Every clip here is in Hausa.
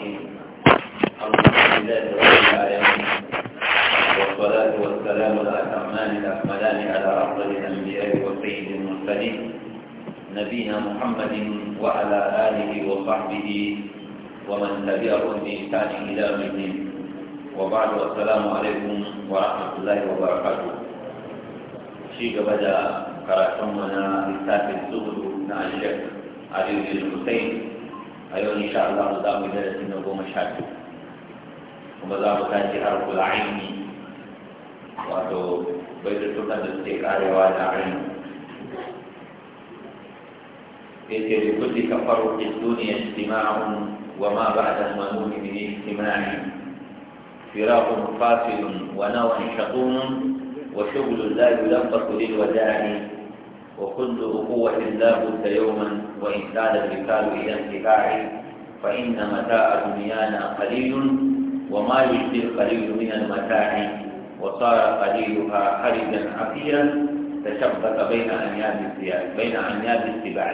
الرحيم الحمد لله رب العالمين والصلاة والسلام الأتمان الأكملان على أفضل الأنبياء وسيد المرسلين نبينا محمد وعلى آله وصحبه ومن تبعهم بإحسان إلى يوم وبعد السلام عليكم ورحمة الله وبركاته شيء بدأ كراتمنا لسات الزهد مع الشيخ علي بن الحسين ايوه ان شاء الله ذا مدرس من ابو مشهد ومذا بتاتي حرف العين وادو بيت الفتح الاستقرار وادا عين يتي بكل كفر في الدنيا اجتماع وما بعد المنوح من اجتماع فراق فاصل ونوع شطوم وشغل لا يلبس للوداع وكل أخوة لا بد يوما وإن كان الرسال إلى انتفاع فإن متاع دنيانا قليل وما يجزي القليل من المتاع وصار قليلها حرجا عفيرا تشبك بين أنياب الثياب بين أنياب السباع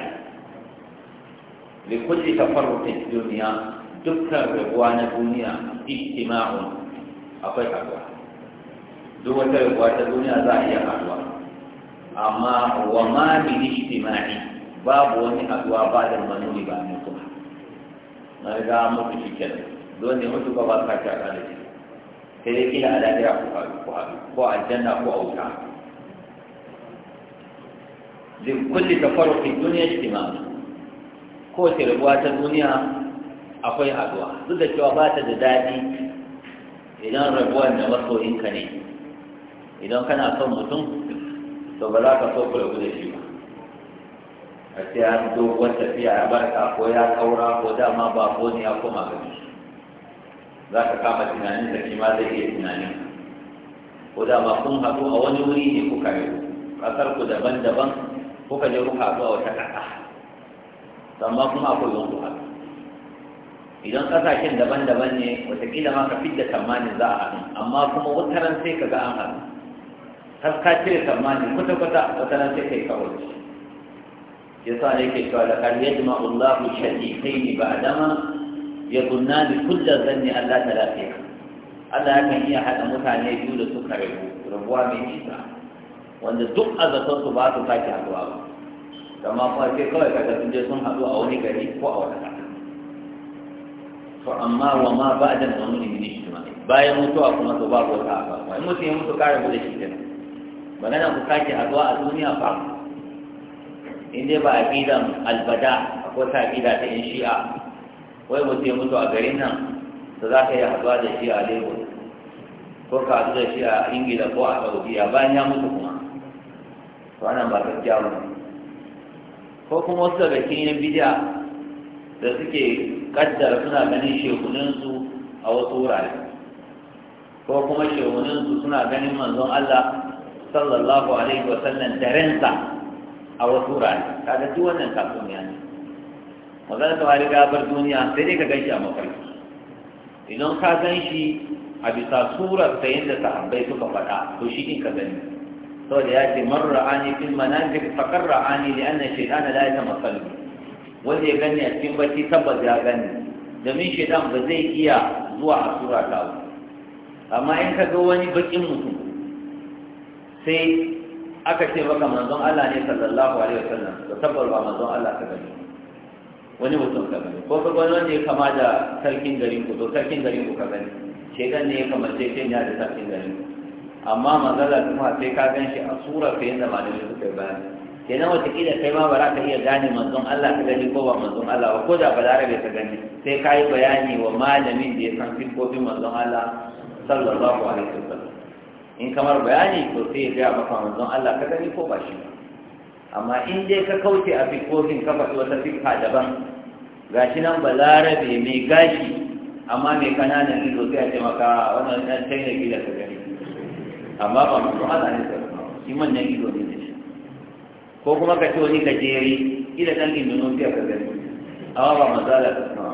لكل تفرق الدنيا دكتور رضوان الدنيا اجتماع أقوى حقوق رضوان الدنيا ظاهرة أقوى amma wa ma min ijtima'i babu wani haduwa ba da manuni ba ne kuma na riga mutu shi kenan don ne mutu ba ba ka ta kana shi sai dai kila a lafiya ku haɗu ku haɗu ko aljanna ko a wuta din kulli tafarruqin duniya ijtima'i ko ta tirbuwa ta duniya akwai haduwa duk da cewa ba ta da daɗi idan rabuwar da masoyinka ne idan kana son mutum to ba za ka so ku rabu da shi ba a ce ya doguwar tafiya ya barka ko ya kaura ko dama ba ko ne ya koma gani za ka kama tunanin da kima zai iya tunanin ko dama kun haɗu a wani wuri ne kuka yi ƙasar ku daban-daban kuka je kuka zuwa wata ƙasa amma kuma akwai wani haɗu idan ƙasashen daban-daban ne watakila ma ka fidda tamanin za a haɗu amma kuma wataran sai ka ga an haɗu har ka cire tsammani kwata kwata wata nan sai kai kawai ya sa ne ke cewa lakar yadda ma'ullahu kai ne ba adama ya gunna ni kulla ne Allah ta lafiya Allah ya kan iya haɗa mutane biyu da suka rabu rabuwa mai nisa wanda duk a zaton su ba su sake haɗuwa ba kama kuma kawai kaga sun je sun haɗu a wani gari ko a wata ƙasa to amma wa ma ba da wani ne shi bayan mutuwa kuma to babu wata ba wai mutum ya mutu kare mu da shi kenan magana ku sake haɗuwa a duniya ba in dai ba a aqidan albada akwai ta aqida ta yan shi'a wai mu ya mutu a garin nan to za ka yi haɗuwa da shi a lagos ko ka haɗu da shi a ingila ko a saudiya bayan ya mutu kuma to ana ba gaskiya ba ko kuma wasu daga cikin yan bidiya da suke kaddara suna ganin su a wasu wurare ko kuma shekunansu suna ganin manzon Allah sallallahu alaihi wasallam da ransa a wasu rani kaga duk wannan tatsuniya ne magana ta riga bar duniya sai dai ka gan shi a mafarki idan ka gan shi a bisa surar ta yadda sahabbai suka faɗa to shi in ka gani saboda ya ce man ra'ani fil manazil faqar ra'ani li anna shaytana la yatamassalu wanda ya gani a cikin bacci tabbas ya gani domin shaytan ba zai iya zuwa a sura ta amma in ka ga wani bakin mutum sai aka ce maka manzon Allah ne sallallahu alaihi wasallam to tabbar ba manzon Allah ka gani wani mutum ka gani ko ka wani wanda ya kama da sarkin garin ku to sarkin garin ku ka gani shedan ne ya kamace shi da sarkin garin ku amma manzala kuma sai ka gan shi a surar ka yadda malamai suka bayani kenan watakila kai ma ba za ka iya gane manzon Allah ka gani ko ba manzon Allah ba ko da ba larabe ka gani sai ka yi bayani wa malamin da ya san fiskofin manzon Allah sallallahu alaihi wasallam in kamar bayani ko sai ya gaya maka manzon Allah ka gani ko ba shi ba amma in dai ka kauce a fikofin ka faɗi wata fikka daban gashi nan ba larabe mai gashi amma mai kananan ido sai a ce maka wannan ɗan tainaki gida ka gani amma ba mu Allah ne ka shi nan ido ne da shi ko kuma ka ce wani gajeri ila ɗan indonesia ka gani amma ba mu Allah ka sama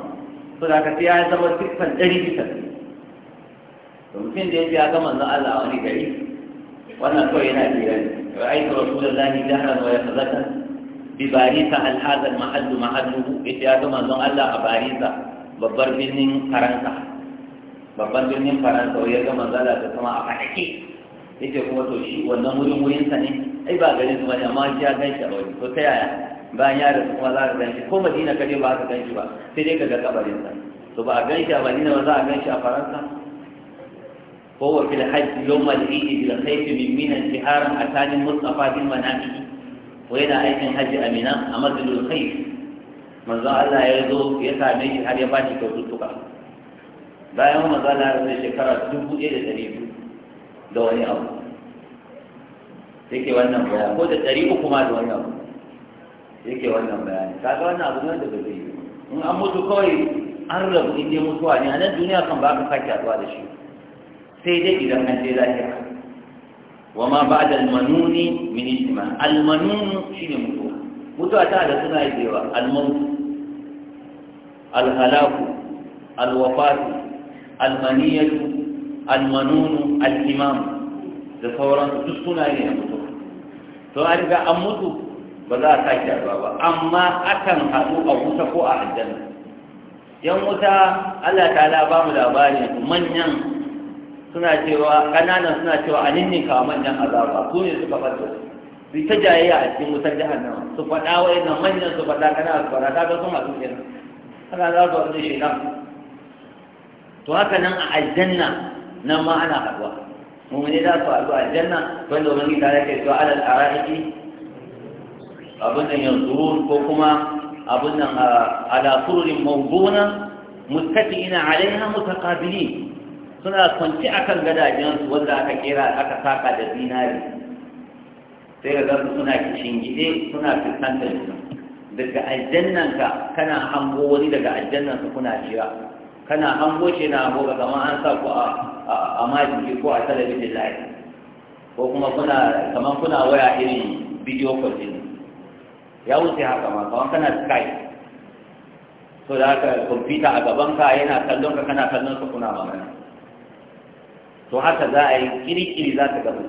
so da ka sai ya zama siffan ɗari bisa mutum da ya ji ya ga manzon Allah wani gari wannan kawai yana jira ne ra'aytu rasulullahi dahran wa yatazakka bi barisa al hadha al mahall mahalluhu ita ya ga manzon Allah a barisa babbar birnin Faransa Babbar birnin Faransa ya ga manzon Allah ta sama a fadake yake kuma to shi wannan wurin wurin sa ne ai ba garin su ne. amma ya gan shi a wani to ta yaya bayan ya rasu kuma za ka gan shi ko madina ka je ba ka ganshi ba sai dai ka ga kabarinsa to ba a ganshi a madina ba za a ganshi a faransa وهو في الحج يوم العيد بالخيف من منى انتهارا أتاني المصطفى بالمنامه وإلى أيضا حج أمينة أمثل الخيف manzo Allah ya zo ya same shi har ya ba shi kyaututtuka bayan manzo Allah ya rasu shekara dubu ɗaya da ɗari biyu da wani abu yake wannan bayani ko da ɗari uku ma da wani abu yake wannan bayani kaga wannan abu ne da ba zai yi an mutu kawai an rabu in mutuwa ne a nan duniya kan baka ka sake da shi sai dai idan an je lahira wa ma ba al-manuni min ijtima al shine mutuwa mutuwa ta da suna yawa al-maut al-halak al-wafat al-maniyat al-manun al-imam da sauran duk suna yin mutuwa to an riga an mutu ba za a sake haɗuwa ba amma akan haɗu a wuta ko a aljanna yan wuta Allah ta ba mu labarin manyan suna cewa ƙanana suna cewa a kawo manyan azaba su ne suka fata su ta jayayya a cikin wutar nan. su faɗa wa yana manyan su faɗa kana su faɗa ta ga sun masu kenan ana za su shi shaidan to haka nan a aljanna nan ma ana haɗuwa mummuni za su haɗu a aljanna wanda wani gida ya kai zuwa alal ara'iki abin nan yanzu ko kuma abin nan ala fururin mawduna mutakina alaiha mutaqabilin suna kwanci akan gadajensu wanda aka kera aka saka da zinari sai ga zarsu suna gide suna fuskantar juna daga aljannanka kana hango wani daga aljannansa kuna jira kana hango shi na hango ga zama an sa ku a majiki ko a talabijin live ko kuma kuna kamar kuna waya irin bidiyo call din ya wuce haka ma kamar kana skype so da haka kwamfuta a gaban ka yana kallon ka kana kallon su kuna magana to haka za a yi kirikiri za ka gaba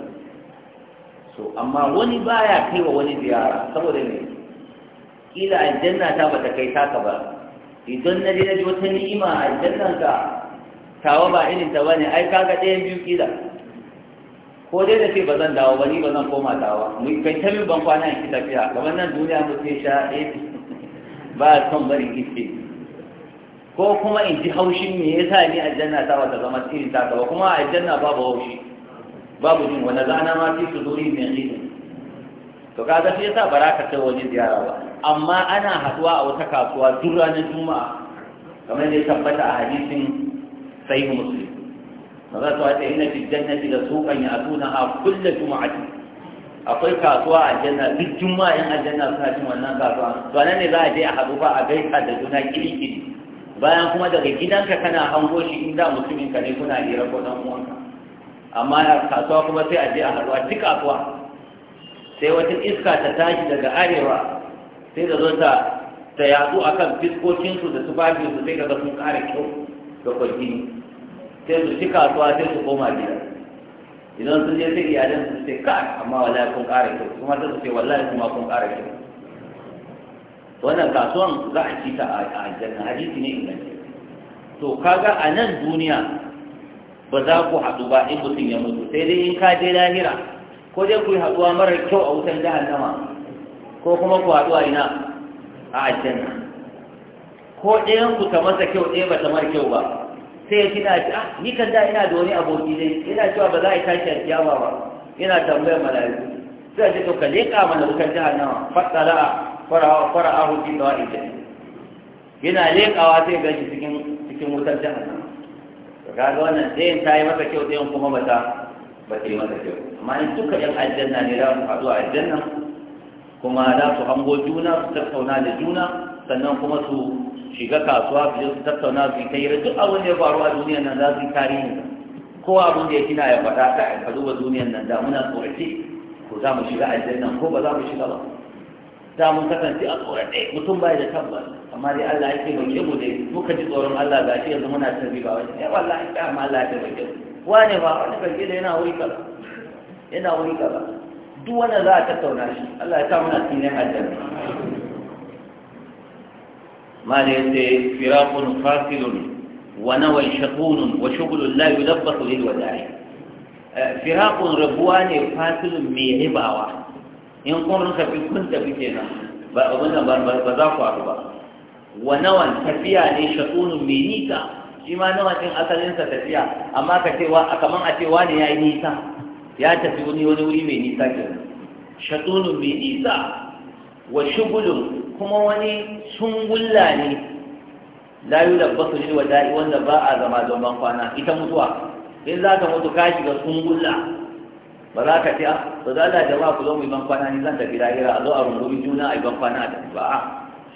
so amma wani baya kai wa wani ziyara saboda me kila aljanna ta bata kai taka ba idan na je na ji wata ni'ima aljanna ka tawa ba irin ta bane ai kaga ɗayan biyu kila ko dai da ce ba zan dawo ba ni ba zan koma dawa mu kai ta min ban kwana in ki tafiya kamar nan duniya mu ce sha ba son bari ce ko kuma in ji haushin me yasa ni aljanna ta wata zama irin ta ba kuma a aljanna babu haushi babu jin wani zana ma fi su zuri min ridin to kaga shi yasa ba za ka kai ziyara ba amma ana haduwa a wata kasuwa duk ranar juma'a kamar da ya tabbata a hadisin sahih muslim maza su wata yana fi jannati da sukan ya atuna a kulle juma'ati akwai kasuwa a aljanna duk juma'a yan aljanna suna cin wannan kasuwa to nan ne za a je a haɗu ba a gaisa da juna kiri-kiri bayan kuma daga gidanka kana hango shi in da mutumin ka ne kuna hira ko dan uwanka amma a kasuwa kuma sai a je a haɗuwa duk kasuwa sai wata iska ta tashi daga arewa sai da zo ta ta yatsu a kan fiskokinsu da tufafinsu sai daga sun ƙara kyau da kwanjini sai su ci kasuwa sai su koma gida idan sun je sai iyalin su ce ka amma wallahi kun ƙara kyau kuma sai su ce wallahi kuma kun ƙara kyau wannan kasuwan za a ci ta a aljanna hadisi ne inganta to kaga a nan duniya ba za ku haɗu ba in mutum ya mutu sai dai in ka je lahira ko dai ku yi haɗuwa marar kyau a wutan jahannama ko kuma ku haɗu a ina a aljanna ko ɗayan ku ta masa kyau ɗaya ba ta mara kyau ba sai ya kina ci ah ni kan da ina da wani aboki dai ina cewa ba za a yi tashi a kiyama ba ina tambayar mala'iku sai a ce to ka leƙa mana wutan jahannama la'a. fara'a fara'a fi dawa'i jahannam yana leƙawa sai ganshi cikin cikin wutar jahannam to kaga wannan sai ta yi masa kyau in kuma ba ta ba ta yi masa kyau amma in duka yan aljanna ne za su haɗu a aljanna kuma za su hango juna su tattauna da juna sannan kuma su shiga kasuwa su je su tattauna su yi ta yira duk abin da ya faru a duniyan nan za su yi tarihi ko abin da ya kina ya faɗa ka duba duniyan nan da muna tsorace ko za mu shiga aljanna ko ba za mu shiga ba da mun kasance a ɗaya mutum bai da tabbas amma dai Allah yake ke mu dai muka ji tsoron Allah ga shi yanzu muna tarbi eh, ba wani eh wallahi da amma Allah ya bake ne ba wani ke da yana wuri ba yana wuri ba duk wanda za a tattauna shi Allah ya sa muna wa aljanna shakunun wa shugulun قاتل ونوى شقون da لا eh, firakun rabuwa ne fasilun mai ribawa in kun tafi kun tafi nan. ba abin nan ba za ku haɗu ba wa nawan tafiya ne shatunun mai nisa shi ma nawan ɗin asalinsa tafiya amma ka ce wa kaman a ce wani ya yi nisa ya tafi wani wani wuri mai nisa kenan shatunun mai nisa wa shugulun kuma wani sungulla ne la yi labbasu ne wa da'i wanda ba a zama zaman kwana ita mutuwa in za ka mutu ka shiga sungulla ba za ka ce ba ah, za Allah jama'a ku zo mu yi ban kwana ni zan tafi lahira a zo a rungumi juna a yi ban kwana a tafi ba a ah,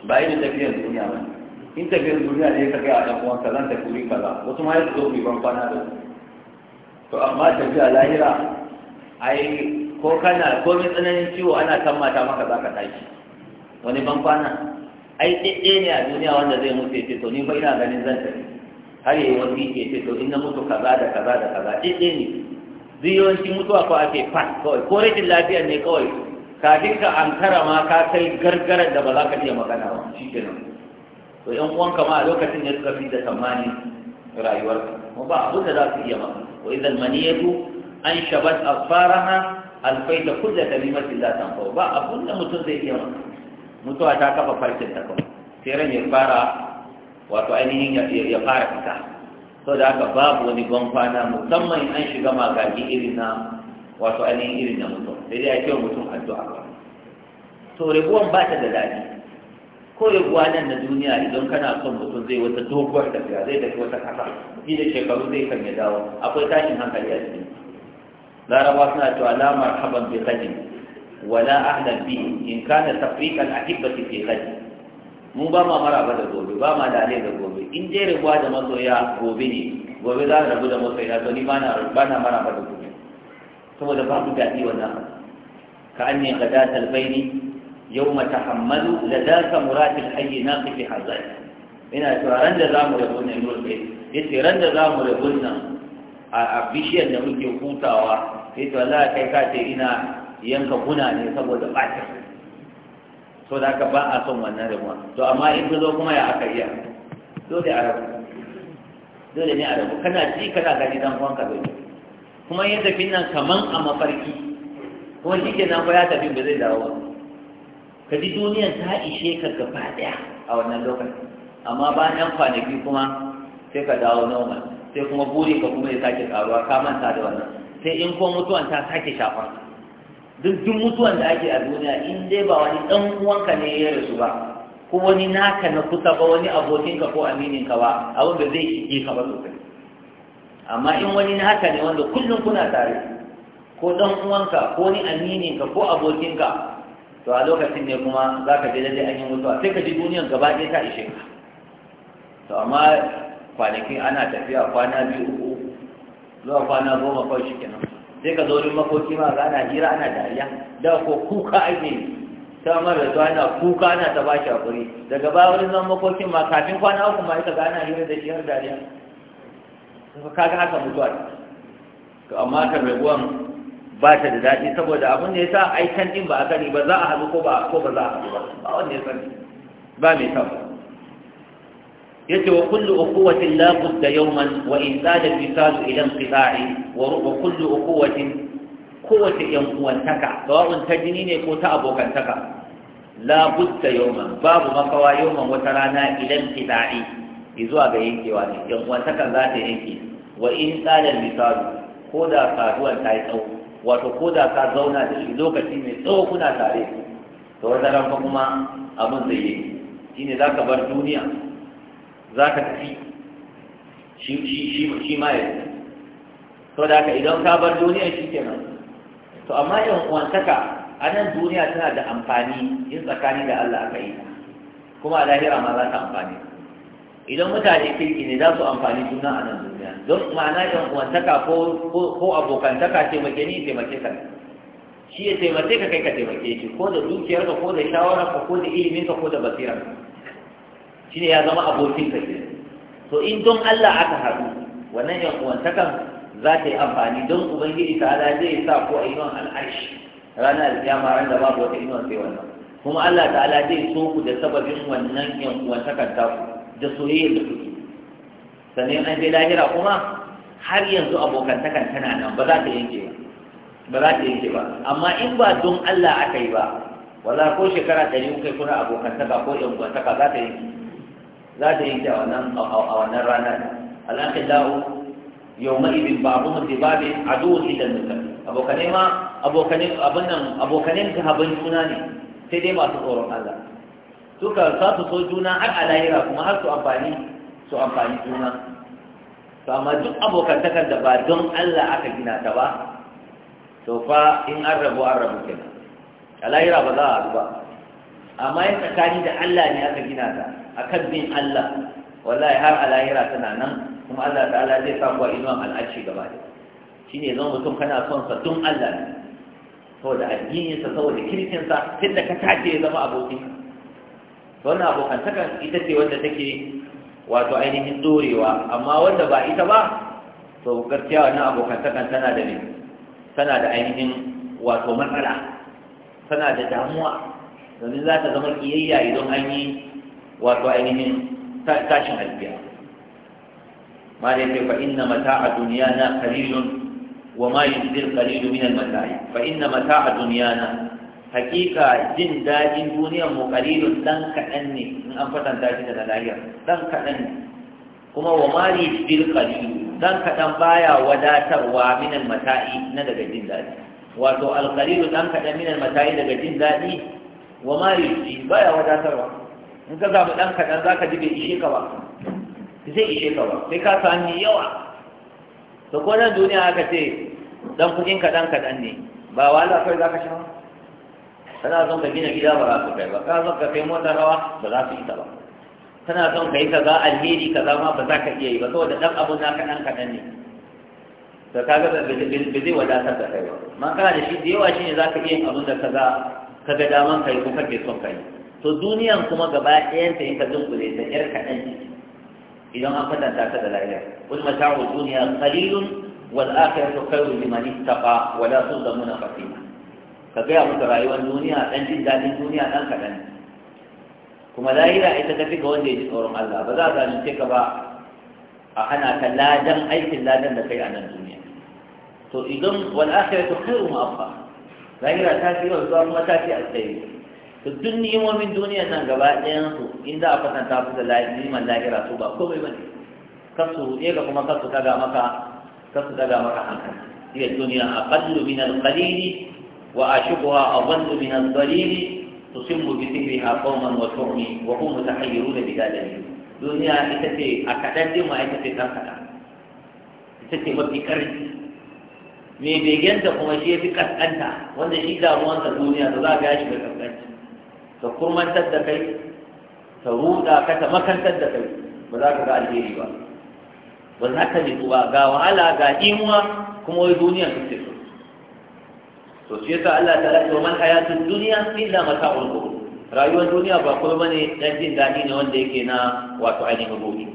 ba yi da tafiyar duniya ba in tafiyar duniya ne ka kai a kan uwanka zan tafi wuri kaza wasu ma ya zo mu yi ban kwana da to amma tafiya lahira ai ko kana ko mai tsananin ciwo ana kammata maka za ka tashi wani ban kwana ai ɗiɗɗe ne a duniya wanda zai mutu ya ce to ni ba ina ganin zan tafi har yi wani ya ce to in na mutu kaza da kaza da kaza ɗaiɗe ne zai yawanci mutuwa ko ake fat kawai ko rashin lafiya ne kawai ka dinka an ma ka kai gargaran da ba za ka iya magana ba shi nan to yan uwanka ma a lokacin ne suka fi da tsammani rayuwarka kuma ba abin da za su iya maka wa idan maniyatu an shabat afaraha alfaita kulla kalimatin la tanfa ba abin da mutum zai iya maka mutuwa ta kafa farkin ta kawai sai ran ya fara wato ainihin ya fara fita so da haka babu wani ban kwana musamman an shiga magaji irin na wato ainihin irin na mutum sai dai a kewa mutum addu'a ba to rabuwan ba ta da daɗi ko rabuwa nan na duniya idan kana son mutum zai wata doguwar tafiya zai tafi wata kasa shi da shekaru zai kan ya dawo akwai tashin hankali a cikin Laraba suna cewa alamar marhaban bi qadin wala ahlan bi in kana tafriqan ahibbati fi qadin mu ba ma maraba da gobe ba ma dale da gobe in je rabuwa da masoya gobe ne gobe za ka rabu da masoya to ni ba na maraba da gobe saboda babu daɗi wannan ka an ne gada talbaini yau mata hammalu da za ka muratin hayyi na fi hazari ina cewa ran da za mu rabu ne nurbe ya ce ran da za mu rabu nan a bishiyar da muke hutawa ya ce wala kai ka ce ina yanka kuna ne saboda ɓacin so da ka ba a son wannan rimuwa to amma in ka zo kuma ya aka iya dole a rabu dole ne a rabu kana ji kana gani dan uwanka zo kuma ya tafi nan kaman a mafarki kuma shi ke nan ko ya tafi ba zai dawo ba ka ji duniyan ta ishe ka gaba daya a wannan lokacin amma bayan kwanaki kuma sai ka dawo normal sai kuma buri ka kuma ya sake karuwa ka manta da wannan sai in ko mutuwan ta sake shafa. duk duk mutuwan da ake a duniya in dai ba wani dan uwanka ne ya rasu ba ko wani naka na kusa ba wani abokinka ko amininka ba abin da zai shige ka ba sosai amma in wani naka ne wanda kullum kuna tare ko dan uwanka ko wani amininka ko abokinka to a lokacin ne kuma za ka je daidai an yi mutuwa sai ka ji duniyan gaba ɗaya ta ishe ka to amma kwanaki ana tafiya kwana biyu uku zuwa kwana goma kawai shi kenan sai ka zo makoki ma ga ana jira ana dariya da ko kuka ake ta mara zuwa ana kuka na ta bashi hakuri daga ba zan makokin ma kafin kwana uku ma ita ga ana hira da shi har dariya ka ga haka mutuwa to amma ta raguwan ba ta da daɗi saboda abin da ya sa aikan ɗin ba a kani ba za a haɗu ko ba za a haɗu ba ba wanda ya sani ba mai tabbata yace wa kullu uquwatin la budda yawman wa in zada al-fisalu ila inqita'i wa kullu uquwatin kowace yan uwantaka sawa'un ta jini ne ko ta abokantaka la budda yawman babu makawa yawman wata rana ila inqita'i zuwa ga yankewa ne yan uwantaka za ta yanke wa in zada al-fisalu ko da saduwar ta yi tsawo wato ko da ka zauna da shi lokaci mai tsawo kuna tare to wata ran kuma abin zai yi shine zaka bar duniya za ka tafi shi ma ya to da ka idan ka bar duniya shi ke nan. to amma yan wantaka a nan duniya tana da amfani yin tsakani da Allah aka yi kuma a lahira ma za ta amfani idan mutane kirki ne za su amfani juna a nan duniya don ma'ana yan wantaka ko abokantaka taimake ni taimake ka shi ya taimake ka kai ka taimake shi ko da dukiyarka ko da shawararka ko da iliminka ko da basirarka shine ya zama abokin ka So in don Allah aka haɗu wannan yan uwantakan za ta yi amfani don ubangiji ta ala zai sa ko a inuwan al'arshi ranar alkiyama ran da babu wata inuwan sai wannan kuma Allah ta'ala zai so ku da sababin wannan yan uwantakan ta ku da soyayya da kuke sannan an je lahira kuma har yanzu abokantakan tana nan ba za ta yanke ba ba za ta yanke ba amma in ba don Allah aka yi ba wala ko shekara ɗari kai kuna abokantaka ko yan uwantaka za ta yanke za ta yanke a wannan rana al'aqilau yawma idin ba'dhum li ba'din aduwwun lil a abokane ma abokane abin nan abokane ta haban juna ne sai dai masu tsoron Allah suka sa su so juna har a lahira kuma har su amfani su amfani juna to amma duk abokantakar da ba don Allah aka gina ta ba to fa in an rabu an rabu kenan a lahira ba za a ba amma yin tsakani da Allah ne aka gina ta akan bin Allah wallahi har a lahira tana nan kuma Allah ta'ala zai sa kuwa inuwan al'ashi gaba da shi ne zama mutum kana son sa tun Allah ne saboda addininsa saboda kirkinsa tun da ka tace ya zama abokin wannan abokantakan ita ce wanda take wato ainihin dorewa amma wanda ba ita ba to gaskiya wannan abokantakan tana da ne tana da ainihin wato matsala tana da damuwa domin za ta zama kiyayya idan an yi wato ainihin tashin alfiya ma da yake fa inna mata'a dunyana qalilun wa ma yunzil qalilu min al-mata'i fa inna duniya na hakika jin daɗin duniyar mu qalilun ɗan kaɗan ne in an fatanta daji daga lahiyar Ɗan kaɗan ne kuma wa ma yunzil qalilu dan kadan baya wadatarwa min al-mata'i na daga jin dadi wato al-qalilu dan kadan min matai daga jin daɗi? wa ma yunzil baya wadatarwa in ka zaɓi ɗan kaɗan za ka ji bai ishe ka ba zai ishe ka ba sai ka sami yawa to ko nan duniya aka ce dan kuɗin kaɗan kaɗan ne ba wahala kawai za ka sha ba kana son ka gina gida ba za su kai ba kana son ka kai mota rawa ba za su isa ba kana son ka yi kaza alheri kaza ma ba za ka iya yi ba saboda dan abun naka ɗan kaɗan ne to ga ba zai wadatar da kai ba man kana da shi da yawa ne za ka iya yin abun da ka ga daman kai ko kake son kai to duniyan kuma gaba ɗayan ta in ka dunkule ta ƴar kaɗan idan an kwatanta ta da lahira wani mata'u duniya qalilun wal akhiratu khairun liman ittaqa wa la tuzlamuna fatila ka gaya musu rayuwar duniya ɗan jin daɗin duniya ɗan kaɗan kuma lahira ita tafi ga wanda ya ji tsoron Allah ba za ka zalunce ka ba a hana ka ladan aikin ladan da kai a nan duniya to idan wal akhiratu khairun wa abqa lahira ta fi yawan zuwa kuma ta fi alkhairi to duk ni'imomin duniya nan gaba ɗayan su in za a kwatanta su da ni'imar lahira su ba komai bane kasu ɗaya ga kuma kasu daga maka kasu daga maka hankali iya duniya aqallu min al-qalili wa ashubuha adallu min al-dalili da بذكرها قوما وتعمي وهم متحيرون بذلك دنيا اتتي ita ce ɗan كان Ita ce mafi karfi mai begenta kuma shi ya fi kaskanta wanda shi damuwansa duniya da za a gashi da kaskanci ta kurmantar da kai ta ruda ka ta makantar da kai ba za ka ga alheri ba ba za ka nitsu ba ga wahala ga imuwa kuma wai duniya su ce to shi yasa Allah ta lafi wa man hayatun duniya illa mata'ul ghurur rayuwar duniya ba kuma bane dan jin dadi ne wanda yake na wato ainihin ruhi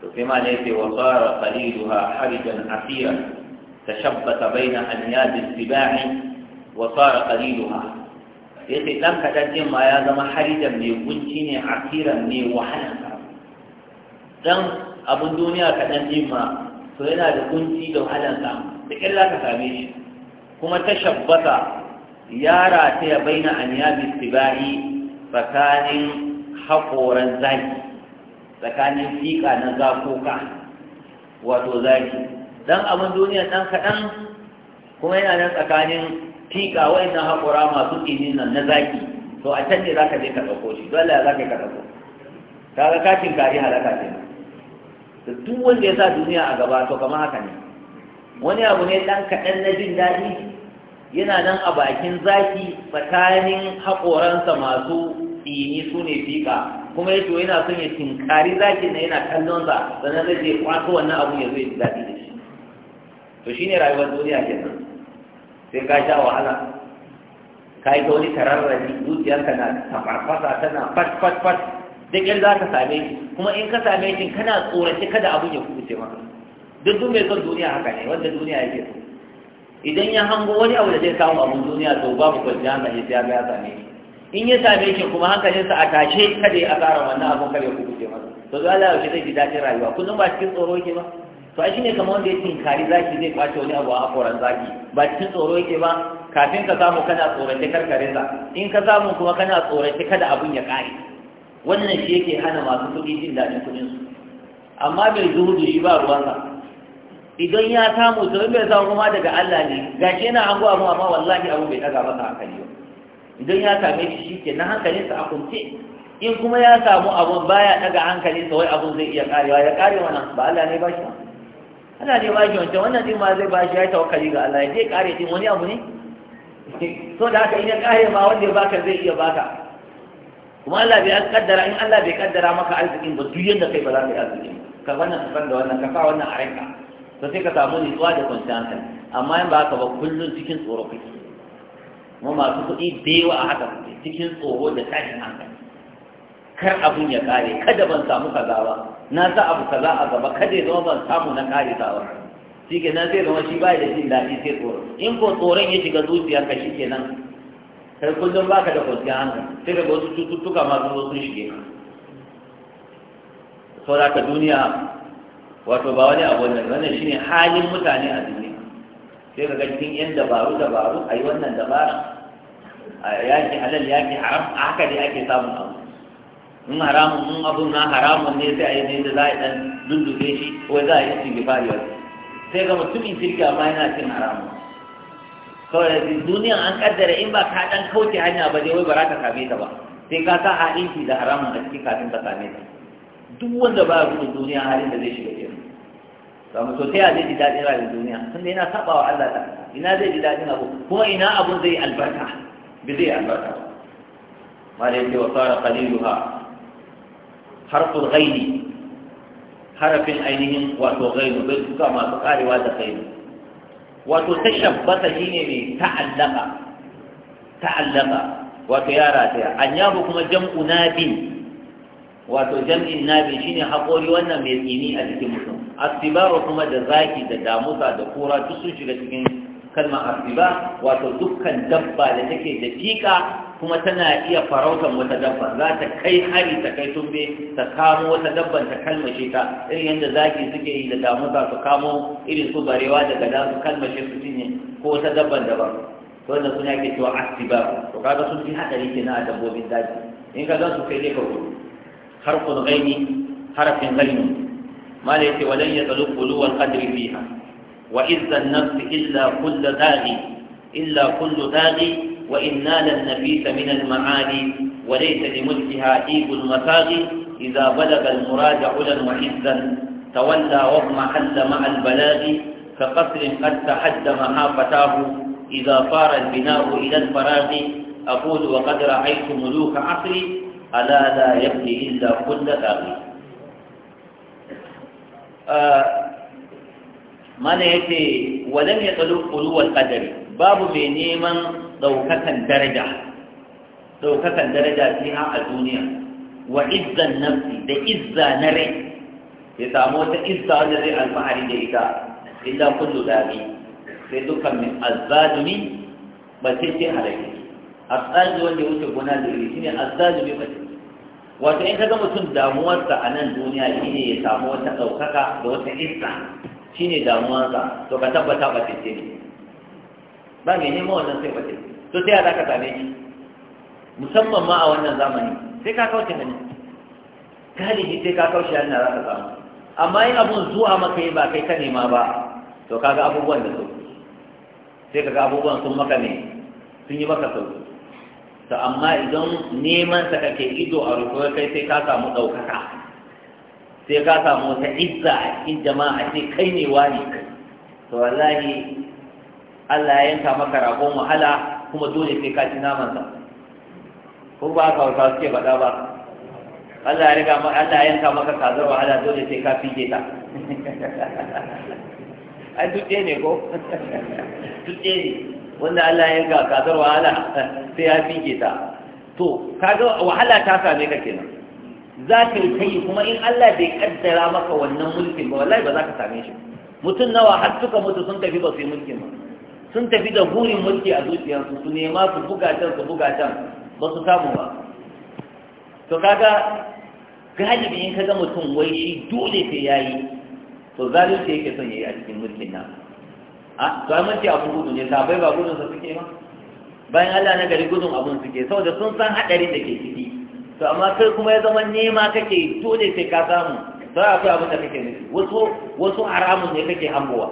to sai ma ne sai wa sara qaliluha harijan asira tashabbata baina anyad al-sibahi wa sara qaliluha ya ce ɗan kaɗan jin ma ya zama harida mai kunci ne a firan ne wahala dan abin duniya kaɗan jin ma to yana da kunci da wahalan samu da ƙirla ka same shi kuma ta shabbata yara ta ya baina an yabi tibai tsakanin haƙoran zaki tsakanin fiƙa na zakoka wato zaki dan abin duniya ɗan kaɗan kuma yana nan tsakanin fiƙa na haƙura masu tsinin nan na zaki to a can ne za ka je ka ɗauko shi dole za ka yi ka ɗauko ka ga kacin kari halaka ce da duk wanda ya sa duniya a gaba to kamar haka ne wani abu ne ɗan kaɗan na jin daɗi yana nan a bakin zaki tsakanin haƙoransa masu tsini su ne fiƙa kuma yato yana son ya tinkari zakin na yana kallonsa sannan zai je kwato wannan abu ya zo ya ji daɗi da shi to shine rayuwar duniya kenan sai ka sha wahala ka yi ta wani tararrabi zuciyarka na tafarfasa tana fat fat fat Duk yadda za ka same shi kuma in ka same shi kana tsorace kada abin ya kubuce maka duk duk mai son duniya haka ne wanda duniya yake so idan ya hango wani abu da zai samu abin duniya to babu kwanciyar hankali sai ya same shi in ya same shi kuma hankalinsa a tashe kada ya ƙara wannan abin kada ya kubuce masa to zai Allah ya zai ji daɗin rayuwa kullum ba cikin tsoro yake ba to ai ne kamar wanda ya kari zaki zai kwace wani abu a akoran zaki ba cikin tsoro yake ba kafin ka samu kana tsorace karkare sa in ka samu kuma kana tsorace kada abun ya kare wannan shi yake hana masu kuɗi jin daɗin kuɗin su amma bai zuhudu shi ba sa idan ya samu to bai samu kuma daga Allah ne gashi yana hango abu amma wallahi abu bai daga masa hankali ba idan ya same shi shi ke na sa a kunce in kuma ya samu abun baya daga sa wai abun zai iya karewa ya kare wannan ba Allah ne ba shi ba ana ne ba shi wancan wannan din ma zai ba shi ya tawakkali ga Allah zai kare din wani abu ne so da haka in ya kare ma wanda ya baka zai iya baka kuma Allah bai kaddara in Allah bai kaddara maka arzikin ba duk yadda kai ba za ka yi arziki ka wannan ka da wannan ka sa wannan a ranka to sai ka samu nutsuwa da kwanciyar hankali amma in ba haka ba kullum cikin tsoro kai. kuma masu kuɗi da yawa a haka cikin tsoro da tashin hankali kar abun ya kare kada ban samu kaza ba na sa abu kaza a gaba kada ya zama ban samu na kare ta ba shi nan sai zama shi ba da jin daɗi sai tsoro in ko tsoron ya shiga zuciyarka shi ke nan. kai kullum baka da kwanciyar hannu. sai daga wasu cututtuka masu zo sun shige ka da ka duniya wato ba wani abu ne wannan shine halin mutane a duniya sai ka ga cikin yan dabaru dabaru a yi wannan dabara a yaki halal yaki haram a haka dai ake samun abu in haramun mun abun na haramun ne sai a yi ne da za a yi dan dundube shi ko za a yi istighfari wa sai ga mutum in kirki amma yana cin haramun kawai da duniya an kaddara in ba ka dan kauce hanya ba dai wai ba za ka same ta ba sai ka sa ha'inci da haramun a ciki kafin ka same ta duk wanda ba ya gudun duniya halin da zai shiga ke ba mu so sai a zai ji daɗin rayuwar duniya tunda yana saba wa Allah ta ina zai ji daɗin abu kuma ina abun zai albarka bi zai albarka ma da yake wa sara qaliluha harfin ghaini harafin ainihin wato gainu bai suka masu karewa da gainu, wato ta shabbata shine ne ta'allaka ta'allaka wato ya rataya anyabu kuma jam'u nabin wato jam'in nabi shine haƙori wannan mai tsini a jikin mutum asibaru kuma da zaki da damusa da kura duk sun shiga cikin kalma arriba wato dukkan dabba da take da fika kuma tana iya farautan wata dabba za ta kai hari ta kai tumbe ta kamo wata dabba ta kalmashe ta irin yadda zaki suke yi da damuka su kamo irin su barewa daga da su kalmashe su cinye ko wata dabban daban to wannan suna ke cewa asiba to kaga sun fi hadari ke a dabbobin daji in ka gansu su kai dai ka gudu harfun ghaini harfin ghaini mala yace walan yatalu quluwan qadri fiha وعز النفس إلا كل داغي إلا كل داغي وإن نال النفيس من المعالي وليس لملكها إيب المساغي إذا بلغ المراد علا وعزا تولى واضمحل مع البلاغ كقصر قد تحدمها فتاه إذا صار البناء إلى الفراغ أقول وقد رأيت ملوك عصري ألا لا يبني إلا كل داغي آه، mana ya ce walam ya tsalu ƙuluwar ƙadari babu mai neman ɗaukakan daraja ɗaukakan daraja fiha a duniya wa izzan nafsi da izza na rai ya samu wata izza wanda zai alfahari da ita illa kullu dabi sai dukkan min azzalumi ba sai sai halayya azzalumi wanda wuce gona da iri shine azzalumi ba wato in ka ga mutum damuwarsa a nan duniya shine ya samu wata ɗaukaka da wata izza shi ne damuwansa to ka tabbata ba ce ne ba mai neman wannan sai ba ce to sai ya za ka same shi musamman ma a wannan zamani sai ka kauce hanya galibi sai ka kauce hanya za ka samu amma yin abun zuwa maka yi ba kai ka nema ba to ka ga abubuwan da sauki sai kaga abubuwan sun maka ne sun yi maka sauki to amma idan neman sa kake ido a rufe kai sai ka samu ɗaukaka sai ka samu wata izza a cikin jama'a sai kai ne wani to wallahi Allah ya yanka maka ragon wahala kuma dole sai ka ci naman sa ko ba ka wata suke faɗa ba Allah ya riga Allah ya yanka maka kazar wahala dole sai ka fije ta ai duk dai ne ko duk dai ne wanda Allah ya yanka kazar wahala sai ya fije ta to kaga wahala ta same ka kenan za ka yi tayi kuma in Allah bai kaddara maka wannan mulkin ba wallahi ba za ka same shi mutum nawa har suka mutu sun tafi ba su yi mulkin ba sun tafi da burin mulki a zuciyarsu su nema su buga can su buga can ba su samu ba to kaga galibi in kaga mutum wai shi dole sai yayi to zalunci yake son yayi a cikin mulkin nan a to ai mulki abu gudu ne sabai ba gudun sa suke ba bayan Allah na gari gudun abun suke saboda sun san hadarin da ke ciki to amma kai kuma ya zama nema kake dole sai ka samu sai akwai abin da kake nufi wasu wasu haramun ne kake hangowa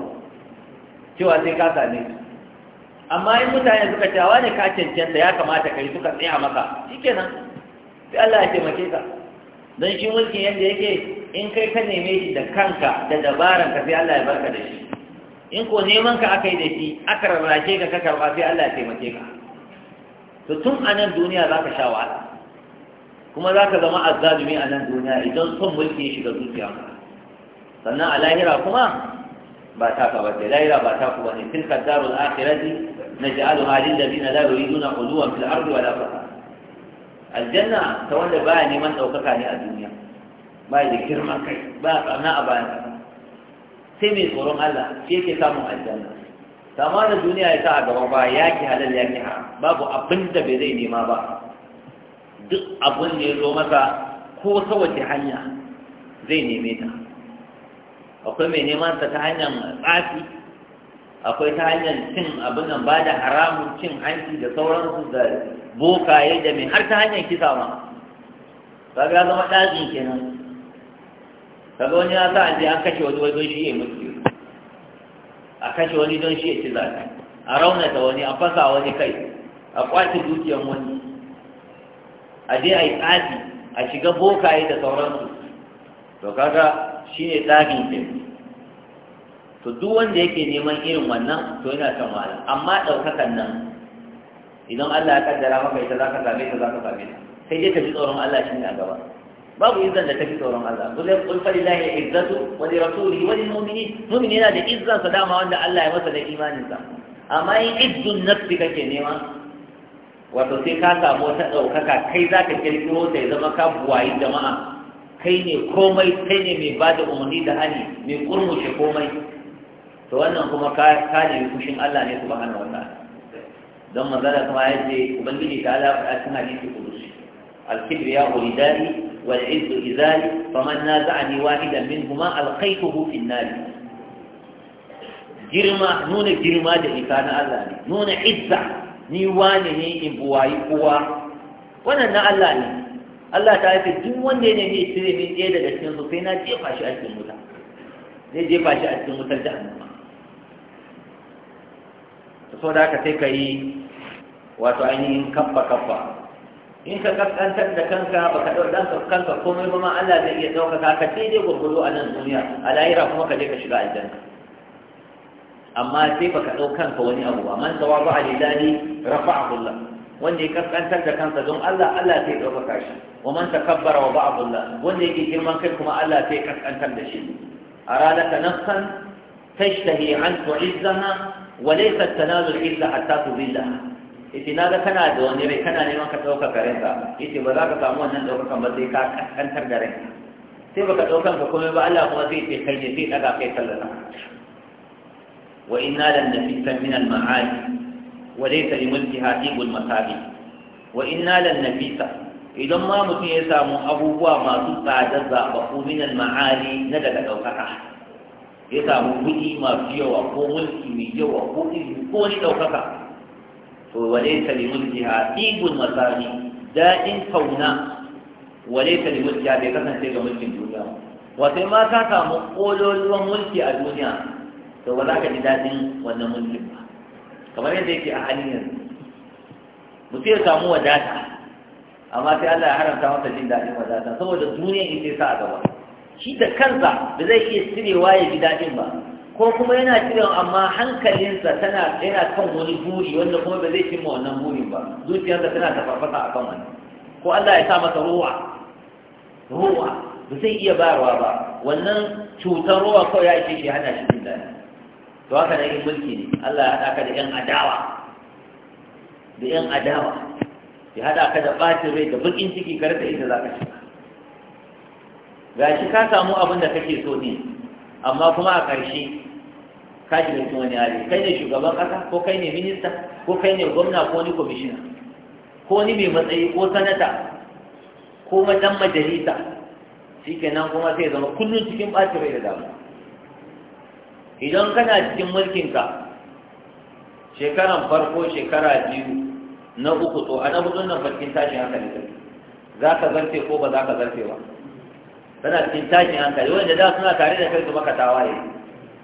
cewa sai ka same su amma in mutane suka ce wa ne ka cancanta ya kamata kai suka tsaya maka shikenan sai Allah ya taimake ka don shi mulkin yadda yake in kai ka neme shi da kanka da dabaranka sai Allah ya barka da shi in ko neman ka aka yi da shi aka rarrake ka ka karba sai Allah ya taimake ka to tun a nan duniya za ka sha wahala kuma za ka zama azzalumi a nan duniya idan son mulki ya shiga zuciya sannan a lahira kuma ba ta ka ba lahira ba ta ku ne. tilka darul akhirati naj'alu halil ladina la yuriduna quluwan fil ardi wala fasad aljanna ta wanda baya neman daukaka ne a duniya Baya da girman kai ba tsana a bayan sai mai tsoron Allah shi yake samun aljanna sama da duniya ya sa a gaban ba ya ki halal ya ki haram babu abin da bai zai nema ba duk abin da ya zo masa ko ta wace hanya zai neme ta akwai mai neman ta ta hanyar tsafi akwai ta hanyar cin abin nan ba da haramun cin hanci da sauransu da bokaye da mai har ta hanyar kisa ma ba ya zama ɗazin kenan ga wani ya sa aje an kashe wani wai don shi ya mutu a kashe wani don shi ya ci zaɓe a raunata wani a fasa wani kai a kwace dukiyar wani a je a yi tsafi a shiga bokaye da sauransu to kaga shi ne tsafin ke to duk wanda yake neman irin wannan to yana son wahala amma ɗaukakan nan idan Allah ya kaddara maka ita za ka same ta za ka same ta sai dai ka ji tsoron Allah shi ne a gaba babu izzan da tafi tsoron Allah kul kul falillahi izzatu wa li rasulihi wa lil mu'minin mu'min yana da izzan sa dama wanda Allah ya masa da imanin sa amma in izzun nafsi kake nema wato sai ka samu wata ɗaukaka kai za ka kirkiro ta ya zama ka buwayi jama'a kai ne komai kai ne mai ba da umarni da hani mai kurmushe komai to wannan kuma ka ne kushin Allah ne su ba hana wata. don manzala kuma ya ce ubangiji ta ala faɗa cikin hadisi kudusi الكبرياء ردائي والعز إزالي فمن نازعني واحدا منهما ألقيته girma Nuna girma da ita na Allah ne, nuna izza ni wane ne in buwayi kowa wannan na Allah ne Allah ta haifi duk wanda ya nemi cire min ɗaya daga cikin su sai na jefa shi a cikin wuta zai jefa shi a cikin wutar jahannama so da haka sai ka yi wato ainihin kaffa kaffa in ka kaskantar da kanka ba ka ɗau ɗan kanka komai ba ma Allah zai iya ɗaukaka ka ce dai gurgudu a nan duniya a lahira kuma ka je ka shiga aljanna amma sai baka ɗau kanka wani abu A man tawadu a lillahi a Allah wanda ya kaskantar da kansa don Allah Allah sai ɗaukaka shi wa man takabbara wa ba'ahu Allah wanda yake girman kai kuma Allah sai kaskantar da shi A aradaka nafsan tashtahi an tu'izzaha wa laysa tanazul illa hatta billa. yace na ga kana da wani rai kana neman ka ɗaukaka ranka yace ba za ka samu wannan ɗaukakan ba sai ka kaskantar da rai? sai baka ɗaukan ka komai ba Allah kuma zai ce kai ne sai ɗaga kai sallama وإنا لن نفيك من المعاني وليس لملكها تيب المثابي وإنا لن نفيك idan ma mutum ya samu abubuwa masu tsada zaɓaɓɓu minal ma'ali na daga ɗaukaka ya samu kuɗi masu yawa ko mulki mai yawa ko ilimi ko wani ɗaukaka to wale mulki ha ɗigun daɗin kauna wale ta mulki bai mulkin duniya wasai ma ta samu ƙololuwan mulki a duniya to ba za ka ji daɗin wannan mulkin ba kamar yadda yake a halin yanzu mutum ya samu wadata amma sai Allah ya haramta masa jin daɗin wadata saboda duniya in sai sa a gaba shi da kansa ba zai iya cirewa ya ji daɗin ba ko kuma yana cire amma hankalinsa tana yana kan wani buri wanda kuma ba zai cimma wannan burin ba zuciyarsa tana tafarfasa a kan wani ko Allah ya sa masa ruwa ruwa ba zai iya bayarwa ba wannan cutar ruwa kawai ya ke shi hana shi jin daɗi to haka na yin mulki ne Allah ya haɗa ka da 'yan adawa da 'yan adawa ya haɗa ka da ɓacin rai da baƙin ciki kar da inda za ka shiga ga shi ka samu abin da kake so ne amma kuma a ƙarshe ka shiga da wani hali kai ne shugaban ƙasa ko kai ne minista ko kai ne gwamna ko wani kwamishina ko wani mai matsayi ko sanata ko madan majalisa shi kenan kuma sai zama kullum cikin ɓacin rai da damuwa idan kana cikin mulkinka shekaran farko shekara biyu na uku to a na hudun nan farkin tashin hankali ta za ka zarce ko ba za ka zarce ba tana cikin tashin hankali wanda da suna tare da kai su maka tawaye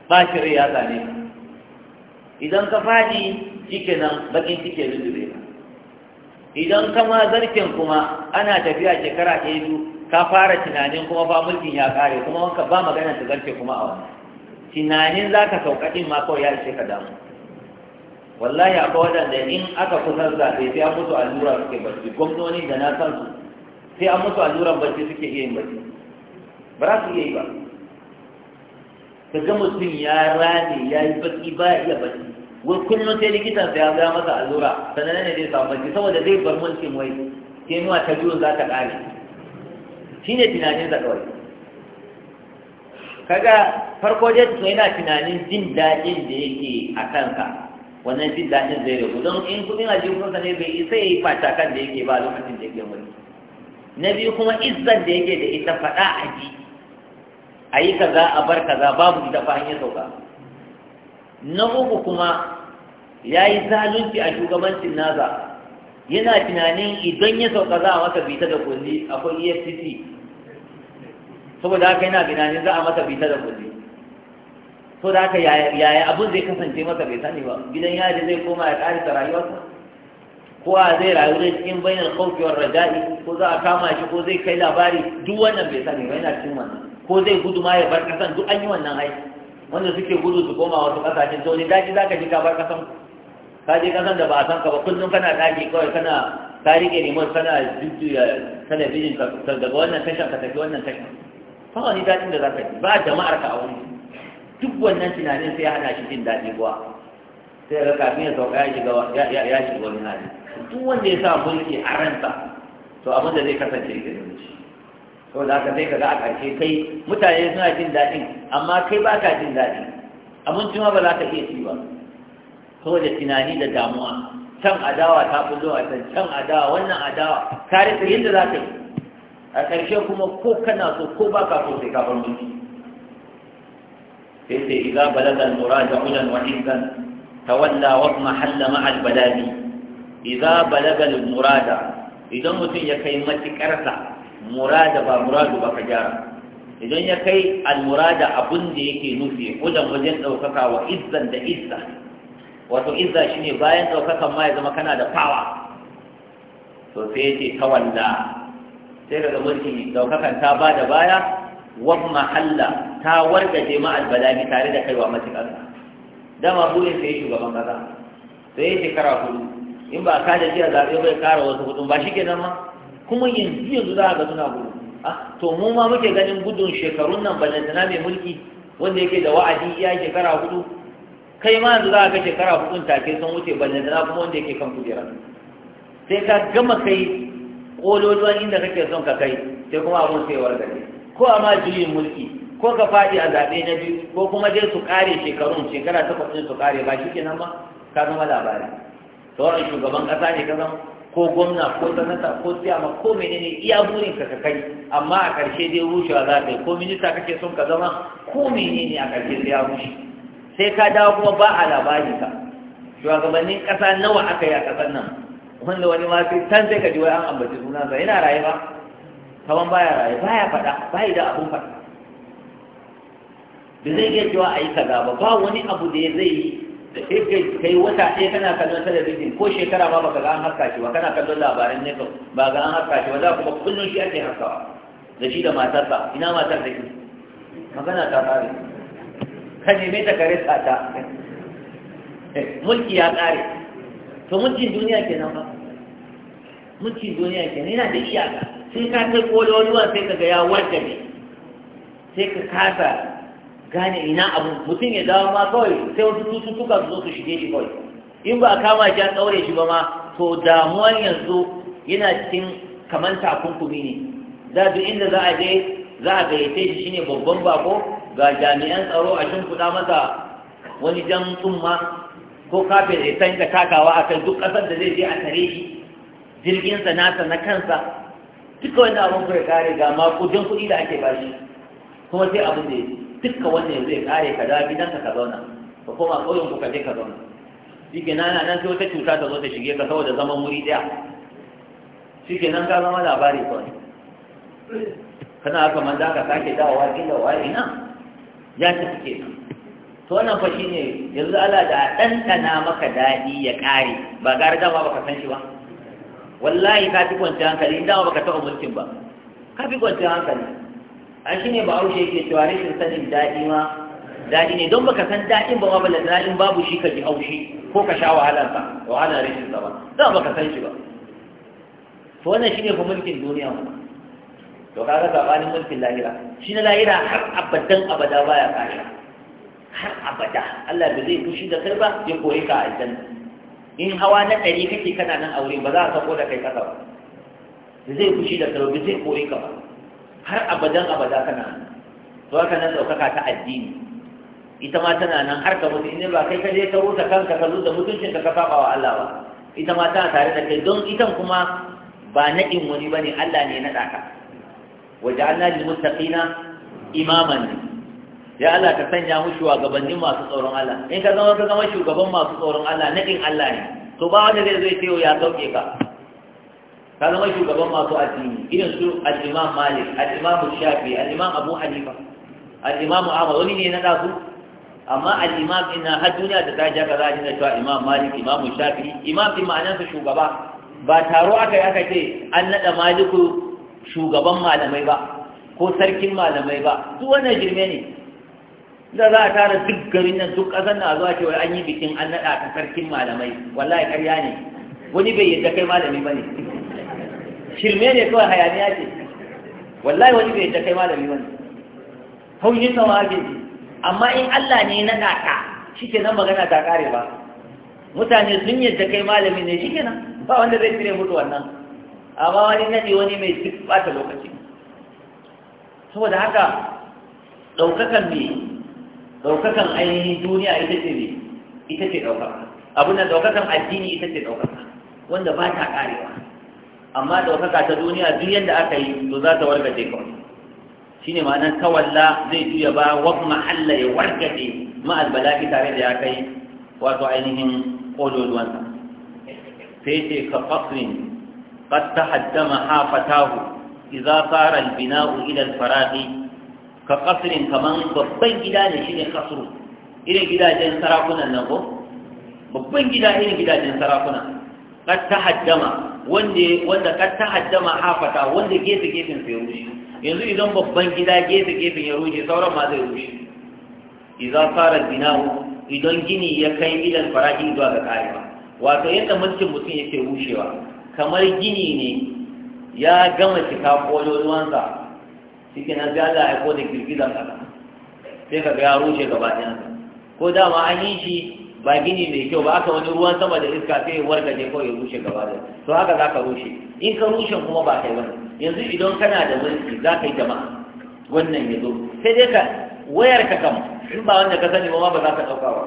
ba shi rai ya ne. idan ka fadi cike nan bakin cike lullube ka idan ka ma zarkin kuma ana tafiya shekara ɗaya biyu ka fara tunanin kuma ba mulkin ya kare kuma wanka ba magana ta zarce kuma a wannan tunanin za ka ɗin ma kawai ya ishe ka damu wallahi akwai waɗanda in aka kusan zaɓe sai an mutu allura suke barci gwamnoni da na san su sai an mutu alluran barci suke iya yin barci ba za su iya yi ba ka ga mutum ya rani ya yi barci ba iya barci wai kullum sai likitan sai ya zama masa allura sannan ne zai samu barci saboda zai bar mulkin wai ke nuna ta biyu za ta ƙare shi ne tunanin sa kawai kaga farko dai to yana tunanin jin daɗin da yake a kanka wannan jin daɗin zai rubu don in kuɗin kunsa ne bai isa ya yi fata kan da yake ba lokacin da yake mulki na biyu kuma izzan da yake da ita faɗa a ji a yi kaza a bar kaza babu ita fa hanyar sauka na uku kuma ya yi zalunci a shugabancin nasa yana tunanin idan ya sauka za a masa bita da kulli akwai efcc saboda haka yana tunanin za a masa bita da kulle so da haka yaya abun zai kasance masa bai sani ba gidan yaji zai koma ya karisa rayuwarsa ko a zai rayu da cikin bainar kaukewar raja'i ko za a kama shi ko zai kai labari duk wannan bai sani ba yana cikin wannan ko zai gudu ma ya bar kasan duk an yi wannan aiki wanda suke gudu su koma wasu kasashen to ne daji za ka ji ka bar kasan ka je kasan da ba a san ka ba kullum kana daji kawai kana ka riƙe remote kana jujjuya talabijin daga wannan tashan ka tafi wannan tashan ba ni daɗin da za ka ji ba jama'ar ka a wuri duk wannan tunanin sai ya hana shi jin daɗi kuwa sai ga kafin ya sauka ya shiga ya shiga wani hali duk wanda ya sa mulki a ransa to abin da zai kasance ya gani shi to da haka sai ga a ƙarshe kai mutane suna jin daɗin amma kai ba ka jin daɗi abinci ma ba za ka iya ci ba saboda tunani da damuwa can adawa ta fi a can can adawa wannan adawa ka rika yadda za ka yi a ƙarshe kuma ko kana so ko ba ka so sai ka bar mulki sai sai idza balaga al-murada ulan wa izzan tawalla wa mahalla ma'a al-baladi idza balaga murada idan mutum ya kai matikarsa murada ba muradu ba ka gyara idan ya kai al-murada abun da yake nufi ulan wajen daukaka wa izzan da izza wato izza shine bayan daukakan ma ya zama kana da power to sai ya ce tawalla sai daga mulki daukakan ta ba da baya wa mahalla ta wargaje ma albadani tare da kaiwa matuƙar Da burin sai shugaban kasa sai kara hudu in ba ka da jiya zaɓe bai ƙara wasu hudu ba shi ke nan ma kuma yanzu yanzu za a ga suna hudu. Ah, to mu ma muke ganin gudun shekarun nan ba na mai mulki wanda yake da wa'adi iya shekara hudu kai ma yanzu za a ga shekara hudun take sun wuce ba na kuma wanda yake kan kujera sai ka gama kai ƙololuwan inda kake son ka kai sai kuma abun sai wargaje ko a ma juyin mulki ko ka faɗi a zaɓe na biyu ko kuma dai su ƙare shekarun shekara takwas ɗin su ƙare ba shi kenan ba ka zama labari sauran shugaban ƙasa ne ka zama ko gwamna ko sanata ko siyama ko menene iya burin ka ka kai amma a ƙarshe dai rushewa za ka yi ko minista kake son ka zama ko menene a ƙarshe sai ya rushe sai ka dawo kuma ba a labari ka shugabannin ƙasa nawa aka yi a ƙasar nan wanda wani ma sai can sai ka ji wai an ambaci sunansa. sa yana raye ba kaman baya rayuwa. baya faɗa baya da abun faɗa da zai iya cewa a yi kaza ba ba wani abu da ya zai yi da sai kai wata ɗaya kana kallon talabijin ko shekara ma baka ga an haska shi ba kana kallon labaran ne ba ga an haska shi ba za kuma kullum shi ake haskawa da shi da matarsa ina matar da ke magana ta tsare ka neme ta kare tsata eh, mulki ya kare. to ci duniya kenan ba ci duniya kenan yana da iyaka sai ka kai kololuwan sai ka ga ya ne sai ka kasa gane ina abu mutum ya dawo ma kawai sai wasu cututtuka su zo su shige shi kawai in ba a kama shi an ɗaure shi ba ma to damuwan yanzu yana cikin kamar takunkumi ne za duk inda za a je za a gayyace shi shine babban bako ga jami'an tsaro a shimfiɗa masa wani jan tsumma ko kafin ya da takawa a kan duk ƙasar da zai je a tare shi jirginsa nasa na kansa duka wani abin ya kare ga makudin kuɗi da ake ba shi kuma sai abin da ya duka wannan zai kare ka da gidan ka zauna ka koma ƙauyen ku ka je ka zauna shi ke nan nan sai wata cuta ta zo ta shige ka saboda zaman wuri ɗaya shi ke nan ka zama labari kawai kana haka man za ka sake dawowa kila wa ina ya ci suke nan Tonan wannan fa shine yanzu Allah da ɗanɗana maka daɗi ya ƙare ba gara dama ka san shi ba wallahi ka fi kwanciyar hankali dama ka taɓa mulkin ba ka fi kwanciyar hankali an shine ba haushe yake cewa rashin sanin daɗi ma daɗi ne don baka san daɗin ba ma daɗin babu shi ka ji haushi ko ka sha wahalar sa wahalar rashin sa ba dama ka san shi ba to wannan shine fa mulkin duniya mu to kaga sabanin mulkin lahira shi na lahira har abadan abada baya ƙasha? har abada Allah ba zai fushi da kai ba ya koyi ka a aljanna in hawa na ɗari kake kana nan aure ba za a sako da kai ƙasa ba zai fushi da kai ba zai koyi ka ba har abadan abada kana to haka nan ɗaukaka ta addini ita ma tana nan har ka mutu in ba kai ka je ka rusa kanka ka rusa mutuncin ka ka saba wa Allah ba ita ma tana tare da kai don itan kuma ba naɗin wani bane Allah ne naɗa ka waja'alna lil muttaqina imaman ya Allah ka sanya mu shugabanni masu tsoron Allah in ka zama ka zama shugaban masu tsoron Allah kin Allah ne to ba wanda zai zai ce ya sauke ka ka zama shugaban masu addini irin su al-Imam Malik al-Imam Shafi al-Imam Abu Hanifa al-Imam Ahmad wani ne na su? amma al-Imam ina har duniya da ta ja ka za ta cewa Imam Malik Imam Shafi Imam din ma'anarsa shugaba ba taro aka yi aka ce an nada Maliku shugaban malamai ba ko sarkin malamai ba duk wannan jirme ne da za a tara duk garin nan duk ƙasar na zuwa cewa an yi bikin an naɗa ta sarkin malamai wallahi ƙarya ne wani bai yadda kai malami ba ne shirme ne kawai hayaniya ce wallahi wani bai yadda kai malami ba ne haushin sama ake ji amma in Allah ne na naɗa shi ke nan magana ta ƙare ba mutane sun yadda kai malami ne shi ke nan ba wanda zai cire mutu wannan amma wani naɗi wani mai duk ɓata lokaci saboda haka ɗaukakan me Daukakan ainihin duniya ita ce ne ita ce ɗaukaka abin da ɗaukakan addini ita ce ɗaukaka wanda ba ta karewa. amma ɗaukaka ta duniya duk yadda aka yi to za ta wargaje kawai shi ne ma'anar kawalla zai juya ba wani mahalla ya wargaje ma'al bala'i tare da ya kai wato ainihin ƙololuwansa sai ce ka fasrin قد تحدم حافتاه إذا صار البناء إلى الفراغ ka kasirin kamar babban gida ne ne kasru irin gidajen sarakunan nan ko babban gida irin gidajen sarakuna kad haddama wanda wanda kad haddama hafata wanda gefe gefen sai rushe yanzu idan babban gida gefe gefen ya rushe sauran ma zai rushe fara gina binahu idan gini ya kai idan faraji zuwa ga karewa wato yadda mulkin mutum yake rushewa kamar gini ne ya gama cika kololuwansa shi nan sai Allah ya kone girgizan kasa sai ka ga ya rushe gaba ɗayan ko dama an yi shi ba gini mai kyau ba aka wani ruwan sama da iska sai wargaje ko ya rushe gaba da to haka za ka rushe in ka rushe kuma ba kai wani yanzu idan kana da mulki za ka yi jama'a wannan ya zo sai dai ka wayar ka kama in ba wanda ka sani ba ma ba za ka ɗauka ba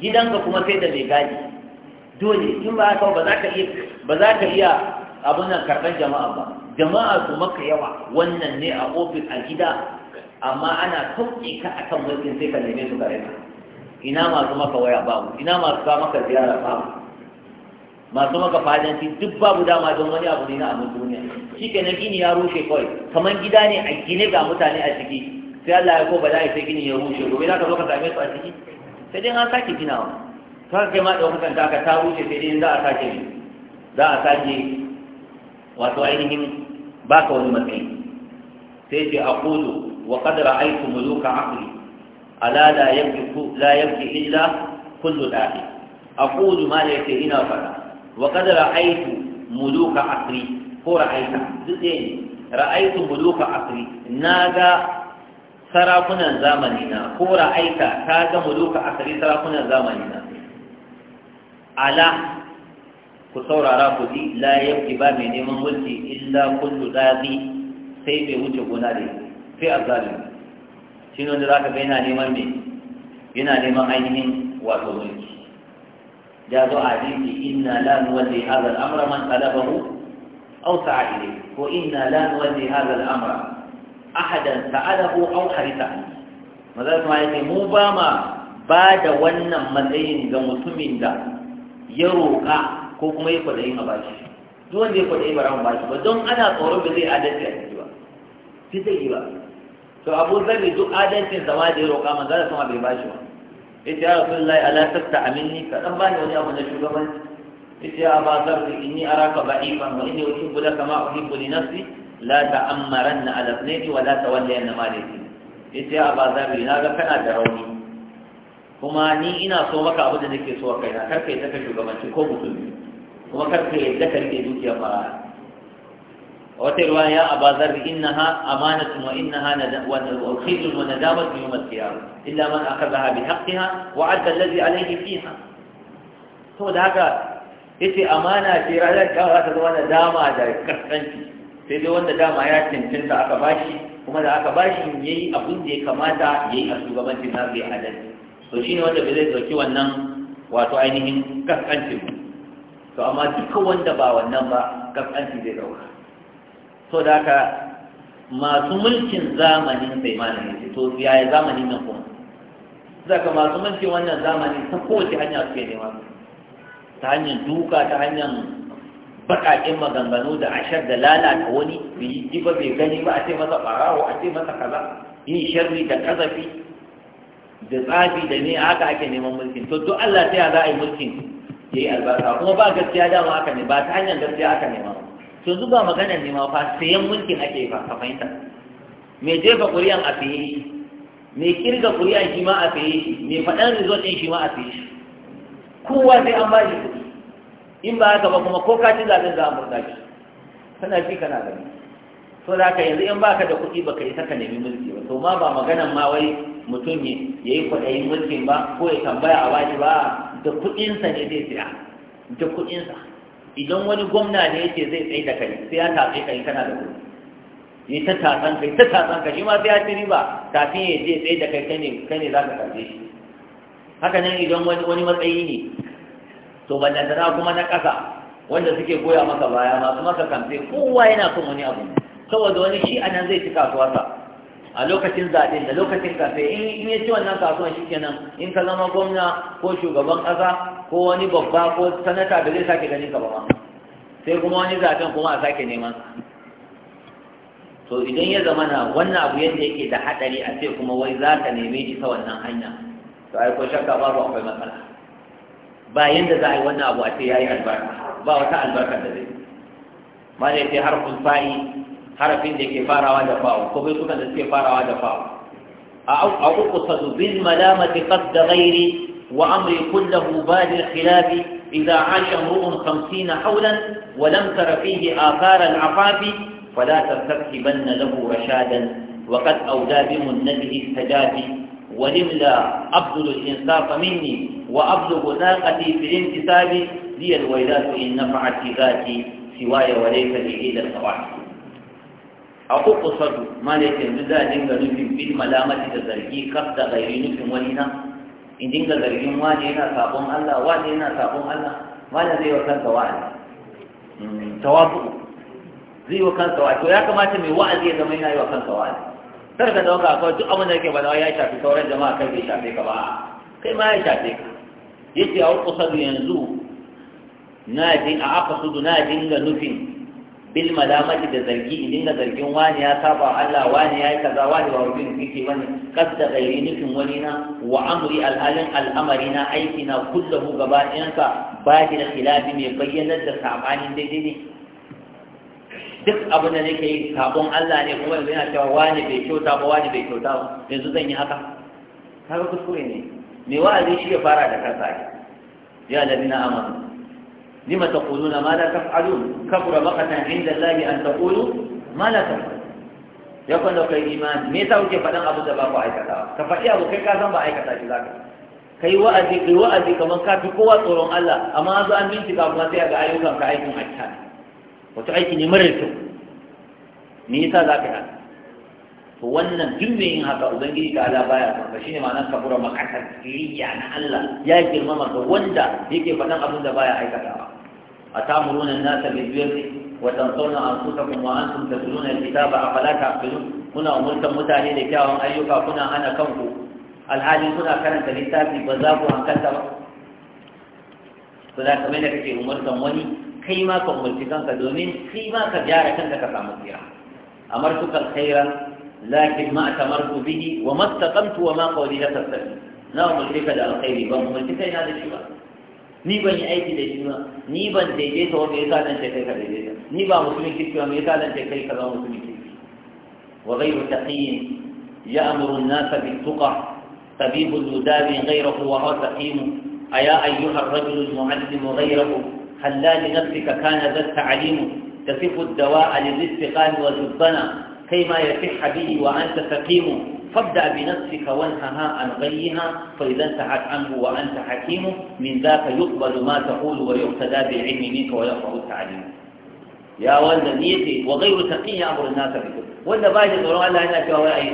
gidanka kuma sai da mai gadi dole in ba haka ba za ka iya ba za ka iya abin nan karɓar jama'a ba jama'a su maka yawa wannan ne a ofis a gida amma ana sauƙi ka a kan mulkin sai ka neme su gare ka ina masu maka waya babu ina masu ka maka ziyara babu masu maka fadanci duk babu dama don wani abu ne na abin duniya shi ke nan gini ya rushe kawai kamar gida ne a gine ga mutane a ciki sai Allah ya ko bala'i sai gini ya rushe gobe za ka zo ka same su a ciki sai dai an sake wa ka kai ma ɗaukakan ta ka ta rushe sai dai za a sake za a sake wato ainihin ba ka wani matsayi sai ce a kudu wa kadara aiki muluka akuri ala la yabki illa kullu dafi a kudu ma da yake ina fada wa kadara aiki muluka akuri ko ra'aita duk ɗaya ne ra'aitu muluka akuri na ga sarakunan zamani na ko ra'aita ta ga muluka akuri sarakunan zamani na ala ku saurara ku ji la yabki ba mai neman mulki illa kullu dadi sai bai wuce gona da sai azzalimi shi ne wanda zaka ga yana neman me yana neman ainihin wato mulki ya zo a hadisi inna la nuwalli hadha al-amra man talabahu aw sa'a ilayhi ko inna la nuwalli hadha al-amra ahadan sa'alahu aw harisa maza kuma yake mu ba ma ba da wannan matsayin ga mutumin da ya roƙa ko kuma ya kwaɗayi a baki duk wanda ya kwaɗayi ba ramin baki ba don ana tsoron ba zai adalci a ciki ba sai zai yi ba to abu zarri duk adalcin zama da ya roƙa man zara sama bai bashi ba yace ya rasulullahi ala tafta aminni ka dan bani wani abu na shugabanci yace ya aba zarri inni araka ba'ifan wa inni uhibbu kama a uhibbu kuli nafsi la ta'ammaranna ala ibnati wa la tawalliyanna ma laysa yace ya ba zarri na ga kana da rauni kuma ni ina so maka abu da nake so kai na karka yi saka shugabanci ko mutum kuma kar ka yadda ka rike dukiyar a wata ruwa ya abazar innaha amanatun wa innaha wa illa man bi haqqiha wa adda alayhi fiha haka yace amana ce ta zama nadama da kaskanci sai dai wanda dama ya cancanta aka bashi kuma da aka bashi ya abin da ya kamata yayi a shugabancin na bai adalci to shine wanda bai zai dauki wannan wato ainihin kaskancin to amma duka wanda ba wannan ba kaskanci zai dauka to da haka masu mulkin zamanin bai malami ce to yaya zamanin nan kuma ka masu mulkin wannan zamani ta kowace hanya suke nema ta hanyar duka ta hanyar baƙaƙen maganganu da ashar da lalata wani bai yi ba bai gani ba a ce masa ɓarawo a ce masa kaza yin sharri da kazafi da tsafi da ne haka ake neman mulkin to duk Allah ta ya za a yi mulkin ya yi albarka kuma ba gaskiya dama aka ne ba ta hanyar gaskiya aka nema to yanzu ba maganar nema fa sayan mulkin ake fa ka fahimta me jefa ƙuri'an a fiye shi me kirga ƙuri'an shi ma a fiye shi me faɗan result ɗin shi ma a fiye shi kowa sai an ba shi kuɗi in ba haka ba kuma ko ka ci zaɓen za a murza shi kana ci kana gani to da ka yanzu in baka da kuɗi baka yi saka nemi mulki ba to ma ba maganan ma wai mutum ya yi kwaɗayin mulkin ba ko ya tambaya a bashi ba da kuɗinsa ne zai siya da kuɗinsa idan wani gwamna ne yake zai tsaye da kai sai ya tafi kai kana da kuɗi Ya ta tatsan kai ta tatsan kai shi ma sai ya ci riba kafin ya je tsaye da kai kane kane za ka karbe shi haka nan idan wani matsayi ne to da kuma na ƙasa wanda suke goya maka baya masu maka kamfe kowa yana son wani abu saboda wani shi anan zai ci kasuwarsa a lokacin zaɓe da lokacin kafe in ya ci wannan kasuwan shi kenan in ka zama gwamna ko shugaban ƙasa ko wani babba ko sanata da zai sake ganin ka ba ma sai kuma wani zaɓen kuma a sake neman to idan ya zama na wannan abu yadda yake da haɗari a ce kuma wai za ka neme shi ta wannan hanya to ai ko shakka babu akwai matsala ba yadda za a yi wannan abu a ce ya yi albarka ba wata albarkar da zai ma da ya ce fa'i harafin da ke farawa da fa'u ko bai suna da suke farawa da fa'u a abu ku sadu bil malama ti qadda ghairi wa amri kullahu ba'd al khilaf idha asha mu'un 50 hawlan wa lam tara fihi athar al afafi fala tastakhiban lahu rashadan wa qad awda bi munnabi istajabi wa limla abdul insaf minni wa abdul naqati fi intisabi li al waylat in nafa'at ذاتي سواي وليس لي الى الصباح a uku sadu ma da yanzu za a dinga nufin bil malamati da zargi kaf da gairi nufin wani na in dinga zargin wani yana sabon Allah wani yana sabon Allah wani zai wa kansa wa'azi hmm, tawabu zai wa kansa wa'azi to ya kamata mai wa'azi ya zama yana yi wa kansa wa'azi kar ka dauka akwai duk abin da yake ba ya shafi sauran jama'a kai bai shafe ka ba kai ma ya shafe ka yace a uku sadu yanzu na a aka sudu na dinga nufin bil malamati da zargi in dinga zargin wani ya saba Allah wani ya yi kaza wani ba rubin kike wani da gairi nufin wani na wa amri al al'amari na aiki na kullahu gaba ka ba ki da khilafi mai bayyanar da sabanin daidai ne duk abin da nake yi sabon Allah ne kuma yanzu yana cewa wani bai kyauta ba wani bai kyauta ba yanzu zan yi haka kaga kuskure ne me wa'azi shi ya fara da kansa ya ladina amanu lima taquluna ma la taf'alun kabura maqatan 'inda Allah an taqulu ma la taf'alun ya kwanda kai imani me yasa kuke faɗan abu da ba ku aikata ka faɗi abu kai ka san ba aikata shi zaka kai wa'azi kai wa'azi kamar ka fi kowa tsoron Allah amma zo an bincika kuma sai ga ayyukan ka aikin aikata wato aiki ne mara kyau me yasa zaka yi to wannan duk me yin haka ubangiji ta ala baya son ka shine ma'anar kabura makasar kiriya na Allah ya girmama ga wanda yake faɗan abin da baya aikatawa atamuruna an-nasa bil birri wa tansawna anfusakum wa antum tatluna al-kitaba afala taqilun kuna umurta mutane da kyawun ayyuka kuna hana kanku alhali kuna karanta littafi ba za ku hankalta ba to da kamar da kake umurta wani kai ma ka domin kai ma ka gyara kanka ka samu tsira amartu kal khaira lakin ma tamartu bihi wa mastaqamtu wa ma qawli la tasbi na ka da alkhairi ba umurci kai da shi ba ni ban yi aiki da shi ba ni ban daidaita wanda ya sa nan kai ka daidaita ni ba musulmin kirki ba me yasa nan kai ka zama musulmin kirki wa ghayru taqiyyin ya'muru an-nasa bit-tuqa tabibul yudabi ghayrahu wa huwa taqim أيا أيها الرجل المعلم غيره خلا لنفسك كان ذا التعليم تصف الدواء للاستقام والزبنة كيما يصح به وأنت سقيم فابدأ بنفسك وانهها عن غيها فإذا انتهت عنه وأنت حكيم من ذاك يقبل ما تقول ويقتدى بالعلم منك ويرفع التعليم يا ولد نيتي وغير تقي أمر الناس بكم ولا باجي tsoron Allah yana cewa wai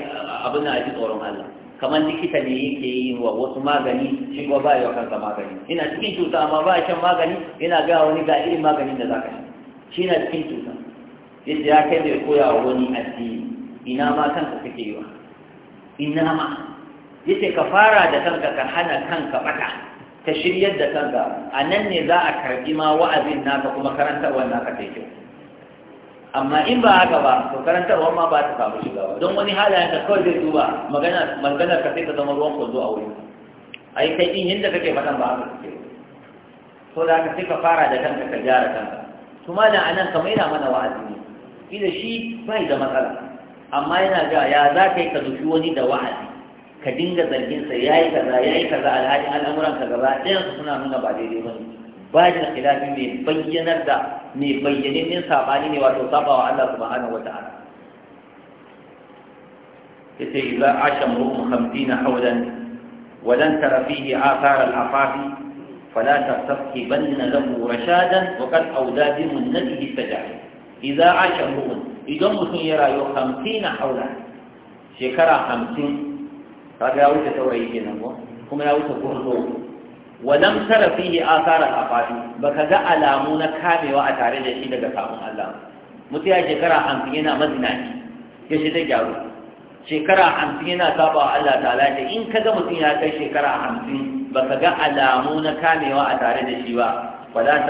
abin da tsoron Allah kamar likita ne yake yi wa wasu magani shi ba ba ya kansa magani ina cikin cuta amma ba shan magani ina ga wani ga irin maganin da zaka shi shi na cikin cuta yace ya kai mai koya wa wani addini ina ma kanka kake yi wa Inama, yace ka fara da kanka ka hana kanka bata ka shiryar da kanka a nan ne za a karbi ma wa'azin naka kuma karantarwar naka ta kyau amma in ba haka ba to karantarwar ma ba ta samu shiga ba don wani halayen da kawai zai duba magana maganar ka sai ta zama ruwan kwazo a wurin ai kai din yadda kake faɗan ba haka kake to da ka sai ka fara da kanka ka gyara kanka kuma da anan kamar yana mana wa'azi ne kila shi bai da matsala amma yana ga ya za ka yi ka zuci wani da wa'azi ka dinga zarginsa ya yi kaza ya yi kaza alhali al'amuran ka gaba ɗayan su suna nuna ba daidai ba ne bajin khilafi mai bayyanar da mai bayyanannen sabani ne wato sabawa Allah subhanahu wata'ala yace idza asha mu'min 50 hawlan wa lan tara fihi athar al-afafi فلا تستقبلن له رشادا وقد أودى بمنته السجاع إذا عاش امرؤ idan mutum ya rayu hamsin na haula shekara hamsin kaga ya wuce saurayi nan ko kuma ya wuce gurzo nan tara a asara ba ka ga alamu na kamewa a tare da shi daga sabon Allah mutum ya shekara hamsin yana mazinaci ya shi ta gyaru shekara hamsin yana saba Allah ta da in ka ga mutum ya kai shekara hamsin ba ka ga alamu na kamewa a tare da shi ba wala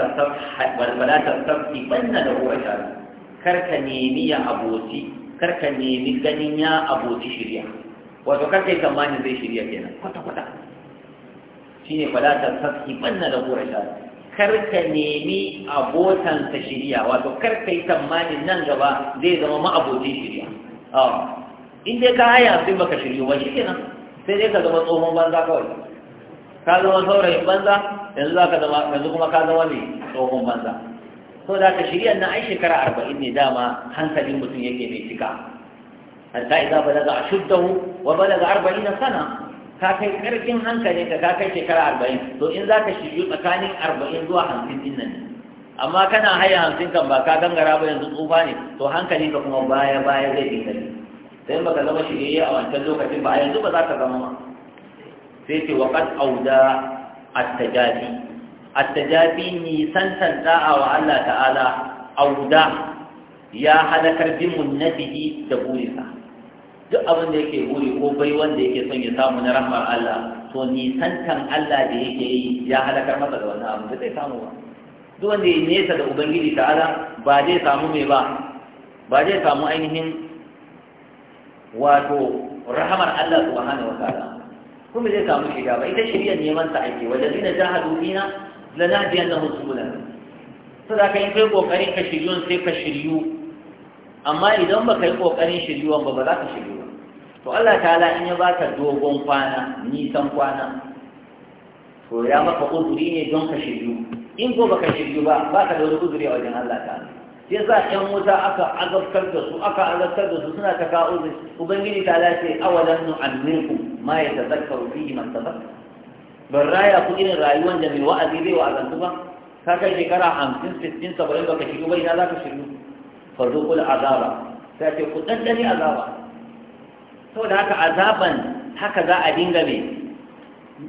tasabbi banna da huwa shari'a karka nemi ya aboci karka nemi ganin ya aboti shirya wato karka yi tsammanin zai shirya kenan kwata-kwata shi ne fadatar sassi banna da gora sha karka nemi abotansa shirya wato karka yi tsammanin nan gaba zai zama ma'abocin shirya ah, in dai ka haya sai baka shirya ba kenan sai dai ka zama tsohon banza kawai ka zama saurayin banza yanzu za ka zama yanzu kuma ka zama ne tsohon banza Ko da ka shirya na ai shekara arba'in ne dama hankalin mutum yake mai cika hatta idza balaga ashuddahu wa balaga arba'ina sana ka kai karfin hankalin ka kai shekara arba'in to in za ka shirya tsakanin arba'in zuwa hamsin din nan amma kana haya hamsin kan ba ka gangara ba yanzu tsufa ne to hankalin ka kuma baya baya zai dinga sai ba ka zama shirye a wancan lokacin ba yanzu ba za ka zama ma sai ce wa qad auda at-tajadi san san da'a wa Allah ta'ala auda ya halakar bi munnatihi da burisa duk abin da yake buri ko bai wanda yake son ya samu na rahmar Allah to ni san Allah da yake yi ya halakar masa da wannan abin da zai samu ba duk wanda ya nesa da ubangiji ta'ala ba zai samu mai ba ba zai samu ainihin wato rahamar Allah subhanahu wa ta'ala kuma zai samu shiga ba ita shirya neman sa ake wajen ladina jahadu fina lanadi annahu subulana saboda kai kai kokarin ka shiryun sai ka shiryu amma idan baka yi kokarin shiryuwan ba ba za ka shiryu ba to Allah ta'ala in ya baka dogon kwana nisan kwana to ya maka uzuri ne don ka shiryu in ko baka shiryu ba baka da wani uzuri a wajen Allah ta'ala sai sa ƴan wuta aka azabtar da su aka azabtar da su suna ta kawo ubangiji ta lafi awalan nu'ammirkum ma yatazakkaru fihi man tazakkara ban raya ku irin rayuwar da mai wa'azi zai wa'azantu ba ka kai shekara hamsin sittin saboda baka shigo ba ina za ka shiru farzuqul azaba sai ce ku dandani azaba saboda haka azaban haka za a dinga mai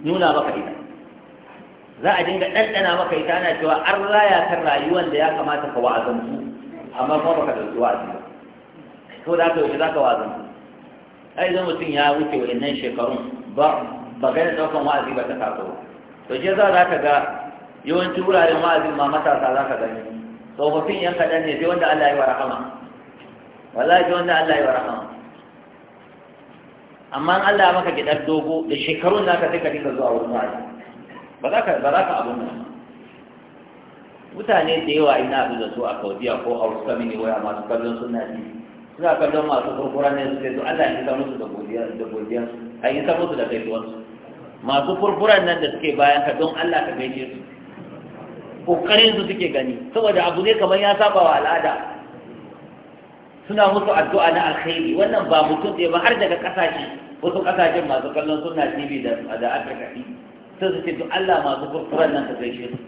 nuna maka ita za a dinga ɗanɗana maka ita ana cewa an raya kan rayuwar da ya kamata ka wa'azantu amma kuma baka ɗauki wa'azi ba saboda haka yaushe za ka wa'azantu ai zan mutum ya wuce wa'annan shekarun ba magana daukan wa'azi ba ta taso to je za ka ga yawanci wuraren wa'azi ma matasa za ka gani tsofaffin yan kaɗan ne sai wanda Allah ya yi wa rahama wallahi sai wanda Allah ya yi wa rahama amma Allah maka gidan dogo da shekarun naka sai ka dinga zuwa wurin wa'azi ba za ka ba za ka abu nan mutane da yawa ina abu da su a Saudiya ko a wasu kamini waya masu kallon suna ji suna kallon masu kurkura ne su sai su Allah ya isa musu da godiya da yi ai isa musu da kai su masu furfuran nan da suke bayan ka don Allah ka gaishe su kokarin su suke gani saboda abu ne kamar ya saba wa al'ada suna musu addu'a na alkhairi wannan ba mutum ɗaya ba har daga ƙasashe wasu ƙasashen masu kallon suna tv da da afirka ɗi sai su ce to allah masu furfuran nan ka gaishe su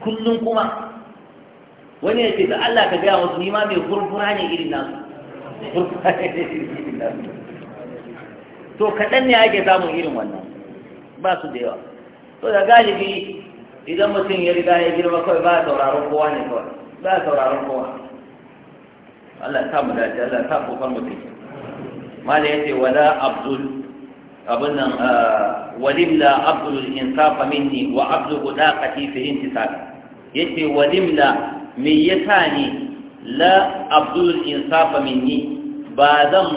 kullum kuma wani ya ce da allah ka gaya wasu nima mai furfura ne irin nasu furfura ne irin nasu to kaɗan ne ake samun irin wannan ba su da yawa to da galibi idan mutum ya riga ya girma kawai ba sauraron kowa ne kawai ba sauraron kowa Allah ya samu dace Allah ya samu kofar mutum mala yace wala abdul abin nan ah, walimla abdul insafa minni wa abdul guda qudaqati fi intisab yace walimla me yasa ne la abdul insafa minni ba zan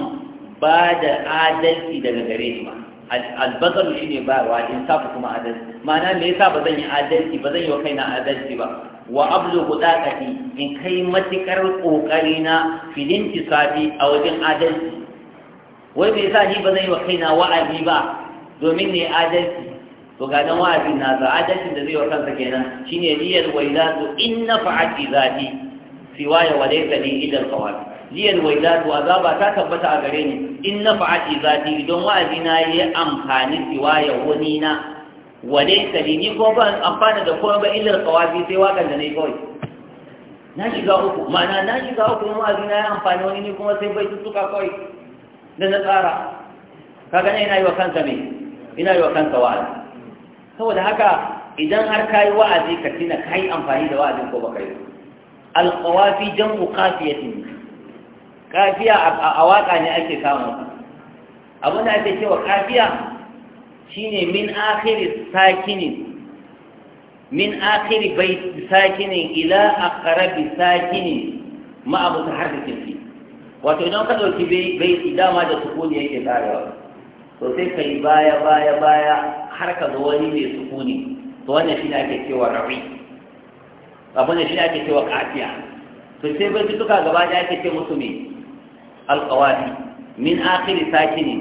ba da adalci daga gare ni ba albazaru shi ne bayarwa insafu kuma adalci ma'ana me yasa ba zan yi adalci ba zan yi wa kaina adalci ba wa ablu hudaqati in kai matikar ƙoƙari na filin tisabi a wajen adalci wai me yasa ni ba zan yi wa kaina wa'azi ba domin ne adalci to ga dan wa'azin adalcin da zai wa kansa kenan shine niyyar wailatu in nafa'ati zati siwaya wa laysa li illa al-qawaid za waila to ba ta tabbata a gare ni in na fa'ati zati don wa'azi na yi amfani siwa ya wani na wane ka ni ko ba amfana da kowa ba illar qawabi sai wakan da nayi kawai na shiga uku ma'ana na shiga uku yin wa'azi na yi amfani wani ne kuma sai bai tuka kawai da na tsara kaga ne ina yi wa kanka me ina yi wa kanka wa'azi saboda haka idan har ka yi wa'azi ka tina ka yi amfani da wa'azin ko ka yi alƙawafi jan mukafiyatin kafiya a waƙa ne ake samun abin da ake cewa kafiya shine min akhiri sakinin min akhiri bai sakinin ila aqrabi sakinin ma abu taharrikin fi wato idan ka ɗauki bai su dama da sukuni yake tsarewa to sai kai baya baya baya har ka zo wani mai sukuni to wannan ne ake cewa rawi abin da ne ake cewa kafiya to sai bai fituka gaba da ake ce musu me alqawadi min akhir sakini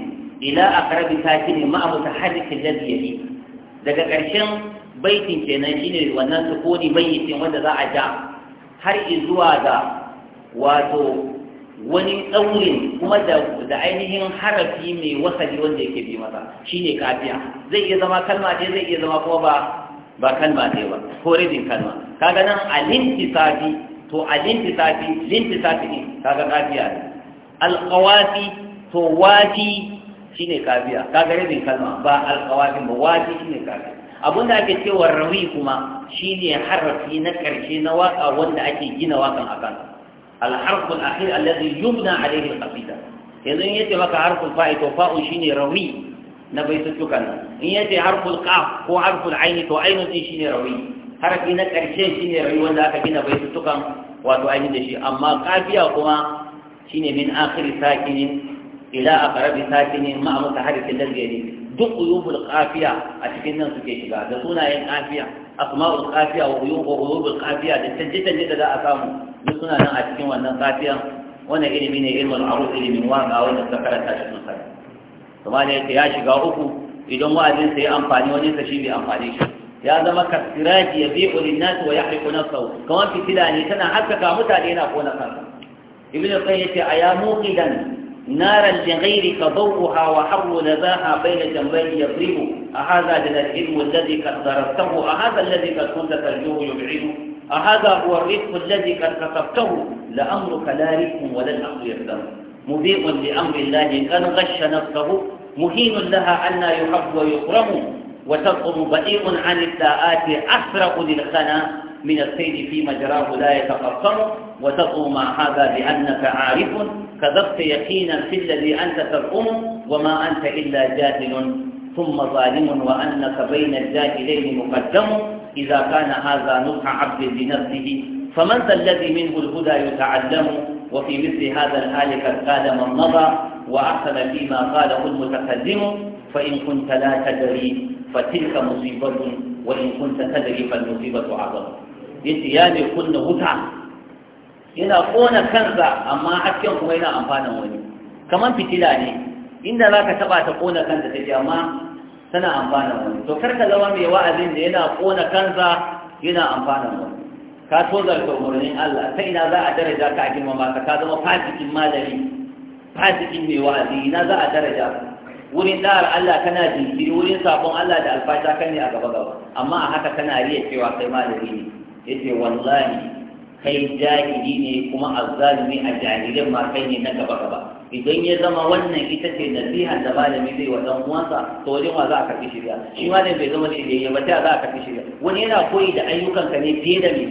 ila aqrabi sakini ma abu tahaddik alladhi yafi daga ƙarshen baitin kenan shine wannan sukuni bayyitin wanda za a ja har zuwa ga wato wani tsaurin kuma da ainihin harafi mai wasali wanda yake bi masa shine kafiya zai iya zama kalma ce zai iya zama kuma ba ba kalma ce ba ko rabin kalma kaga nan alintisafi to a lintisafi lintisafi ne kaga kafiya ne alƙawafi to wati shine kafiya kaga rabin kalma ba alqawati ba wati shine kafiya abinda ake cewa rawi kuma shine harafi na ƙarshe na waka wanda ake gina wakan akan alharfu al-akhir alladhi yubna alayhi al-qasida yanzu in yace maka harful fa'i to fa'u shine rawi na baitutukan in yace harful qaf ko harful aini to ainun shine rawi harafi na shi ne rayuwar da aka gina bai tutukan wato ainihin da shi amma kafiya kuma shine min akhir sakinin ila aqrabi sakinin ma amsa harfin da gari duk uyubul kafiya a cikin nan suke shiga da sunayen kafiya asma'ul kafiya wa uyubul kafiya da tajjitaje da za a samu duk suna nan a cikin wannan kafiyan wannan ilimi ne ilmin aruf ilimin waka wanda suka karanta shi sun sani to ma ne ya shiga uku idan wa'azin sai amfani wani sa shi bai amfani shi ya zama kasiraji ya bi'u linnasi wa yahriqu nafsahu kaman fitila ne tana haskaka mutane na kona kansa ibn qayyim yace aya muqidan naran li ghairi ka dawha wa harru nazaha bayna jambayn yadribu ahadha lil ilm alladhi qad darabtahu ahadha alladhi qad kunta tarjuhu yub'idu ahadha huwa ar-rizq alladhi qad kasabtahu la amruka la rizqun wa la al-amru yaqdar مبيء لأمر الله قد غش نفسه مهين لها أن يحب ويكرم وتقوم بعيد عن الداءات أسرق للخنا من السيد في مجراه لا يتقصر وتقوم مع هذا بأنك عارف كذبت يقينا في الذي أنت تقوم وما أنت إلا جاهل ثم ظالم وأنك بين الجاهلين مقدم إذا كان هذا نصح عبد لنفسه فمن ذا الذي منه الهدى يتعلم وفي مثل هذا الحال قد قال من مضى وأحسن فيما قاله المتقدم فإن كنت لا تدري fatilka musibatun wa in kunta tadri fal musibatu azam yace ya ne kunna wuta yana kona kansa amma hasken kuma yana amfanan wani kamar fitila ne inda zaka taba ta kona kanta take amma tana amfanan wani to karka zama mai wa'azin da yana kona kansa yana amfanan wani ka so zarta umarnin Allah ta ina za a daraja ka a girmama ka zama fasikin malami fasikin mai wa'azi za a daraja wurin da'ar Allah kana jinkiri wurin sabon Allah da alfasha kan ne a gaba gaba amma a haka kana riya cewa kai malami ne yace wallahi kai jahili ne kuma azzalimi a jahilin ma kai ne na gaba gaba idan ya zama wannan ita ce nasiha da malami zai wa dan uwansa to wajen wa za ka fi shirya shi ma bai zama shirye ya ta za ka fi shirya wani yana koyi da ayyukanka ne fiye da me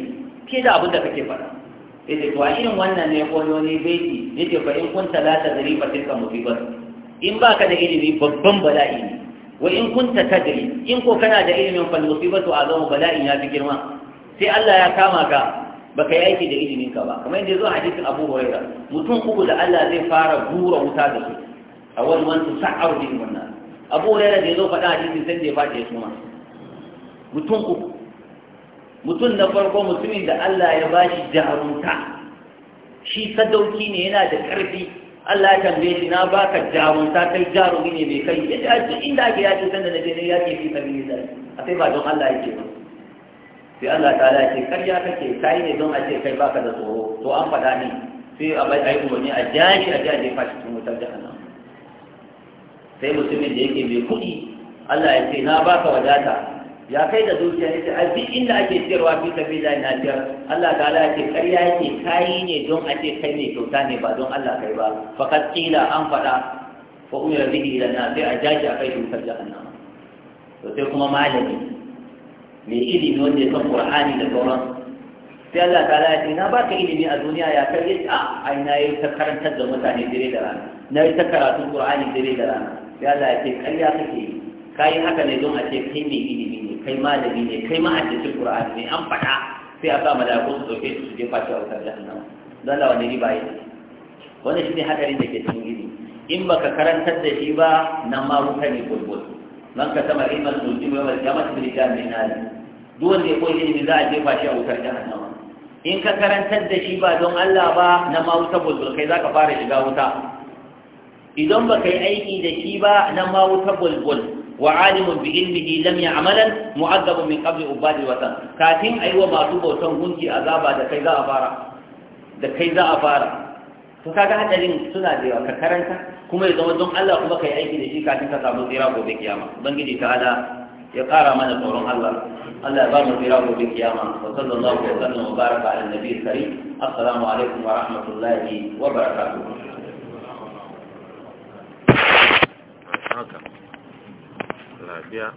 fiye da abin da kake faɗa yace to a irin wannan ne ne wani ya yace fa in kunta la zari fa tilka musibat in ba ka da ilimi babban bala'i ne wa in kunta tadri in ko kana da ilimin ba fal a zama bala'in ya fi girma sai Allah ya kama ka baka yi aiki da ilimin ka ba kamar yadda zo hadisin Abu Hurairah mutum uku da Allah zai fara gura wuta da su wani wani sa'ar din wannan Abu Hurairah da zo faɗa hadisin sai da ya faɗi ya suma. mutum uku mutum na farko mutumin da Allah ya bashi jarumta shi sadauki ne yana da ƙarfi Allah ya tambaye shi na baka jarumta kai jarumi ne mai kai ya a duk inda ake yaki, sanda na je ne yaƙi fi zai. a sai ba don Allah yake ba sai Allah ta ya ce ya kake kai ne don a ce kai baka da tsoro to an faɗa ne sai a bai ayi umarni a jaji a jaji fashi cikin wutar jahannam sai mutumin da yake mai kuɗi Allah ya ce na baka wadata ya kai da zuciya ne a duk inda ake ciyarwa fi sabila na ciyar Allah ta ya ce ƙarya yake kayi ne don a ce kai ne kyauta ne ba don Allah kai ba fakat kila an faɗa fa umira bihi ila na sai a jaji a kai shi wutar jahannama to sai kuma malami mai ilimi wanda ya san qur'ani da sauran sai Allah ta ya ce na baka ilimi a duniya ya kai yace a ah, ai na yi ta karantar da mutane dare da rana na yi ta karatun qur'ani dare da rana sai Allah ya ce ƙarya kake yi ka yi haka ne don a ce kai mai ilimi ne kai malami ne kai ma'ajishin qur'ani ne an faɗa sai a sa malaku su dauke su je fashi a wutar jahannama don da wani riba yake wannan shine hadarin da ke cikin ilimi in baka karantar da shi ba nan ma wuta ne gurgur man ka sama ilmal sulti jama'a wal jamat bil na ali duk wanda ya koyi ilimi za a je fashi a wutar jahannama in ka karantar da shi ba don Allah ba nan ma wuta gurgur kai zaka fara shiga wuta idan baka yi aiki da shi ba nan ma wuta gurgur وعالم بعلمه لم يعملا معذب من قبل عباد الوطن كاتم ايوا masu bautan gunki azaba da kai za a fara da kai za a fara to kaga suna da yawa ka karanta kuma ya zama don Allah kuma kai aiki da shi kafin ka samu tsira gobe kiyama ubangiji ta ala ya kara mana tsoron Allah Allah ya ba mu tsira gobe wa sallallahu wa rahmatullahi wa Yeah.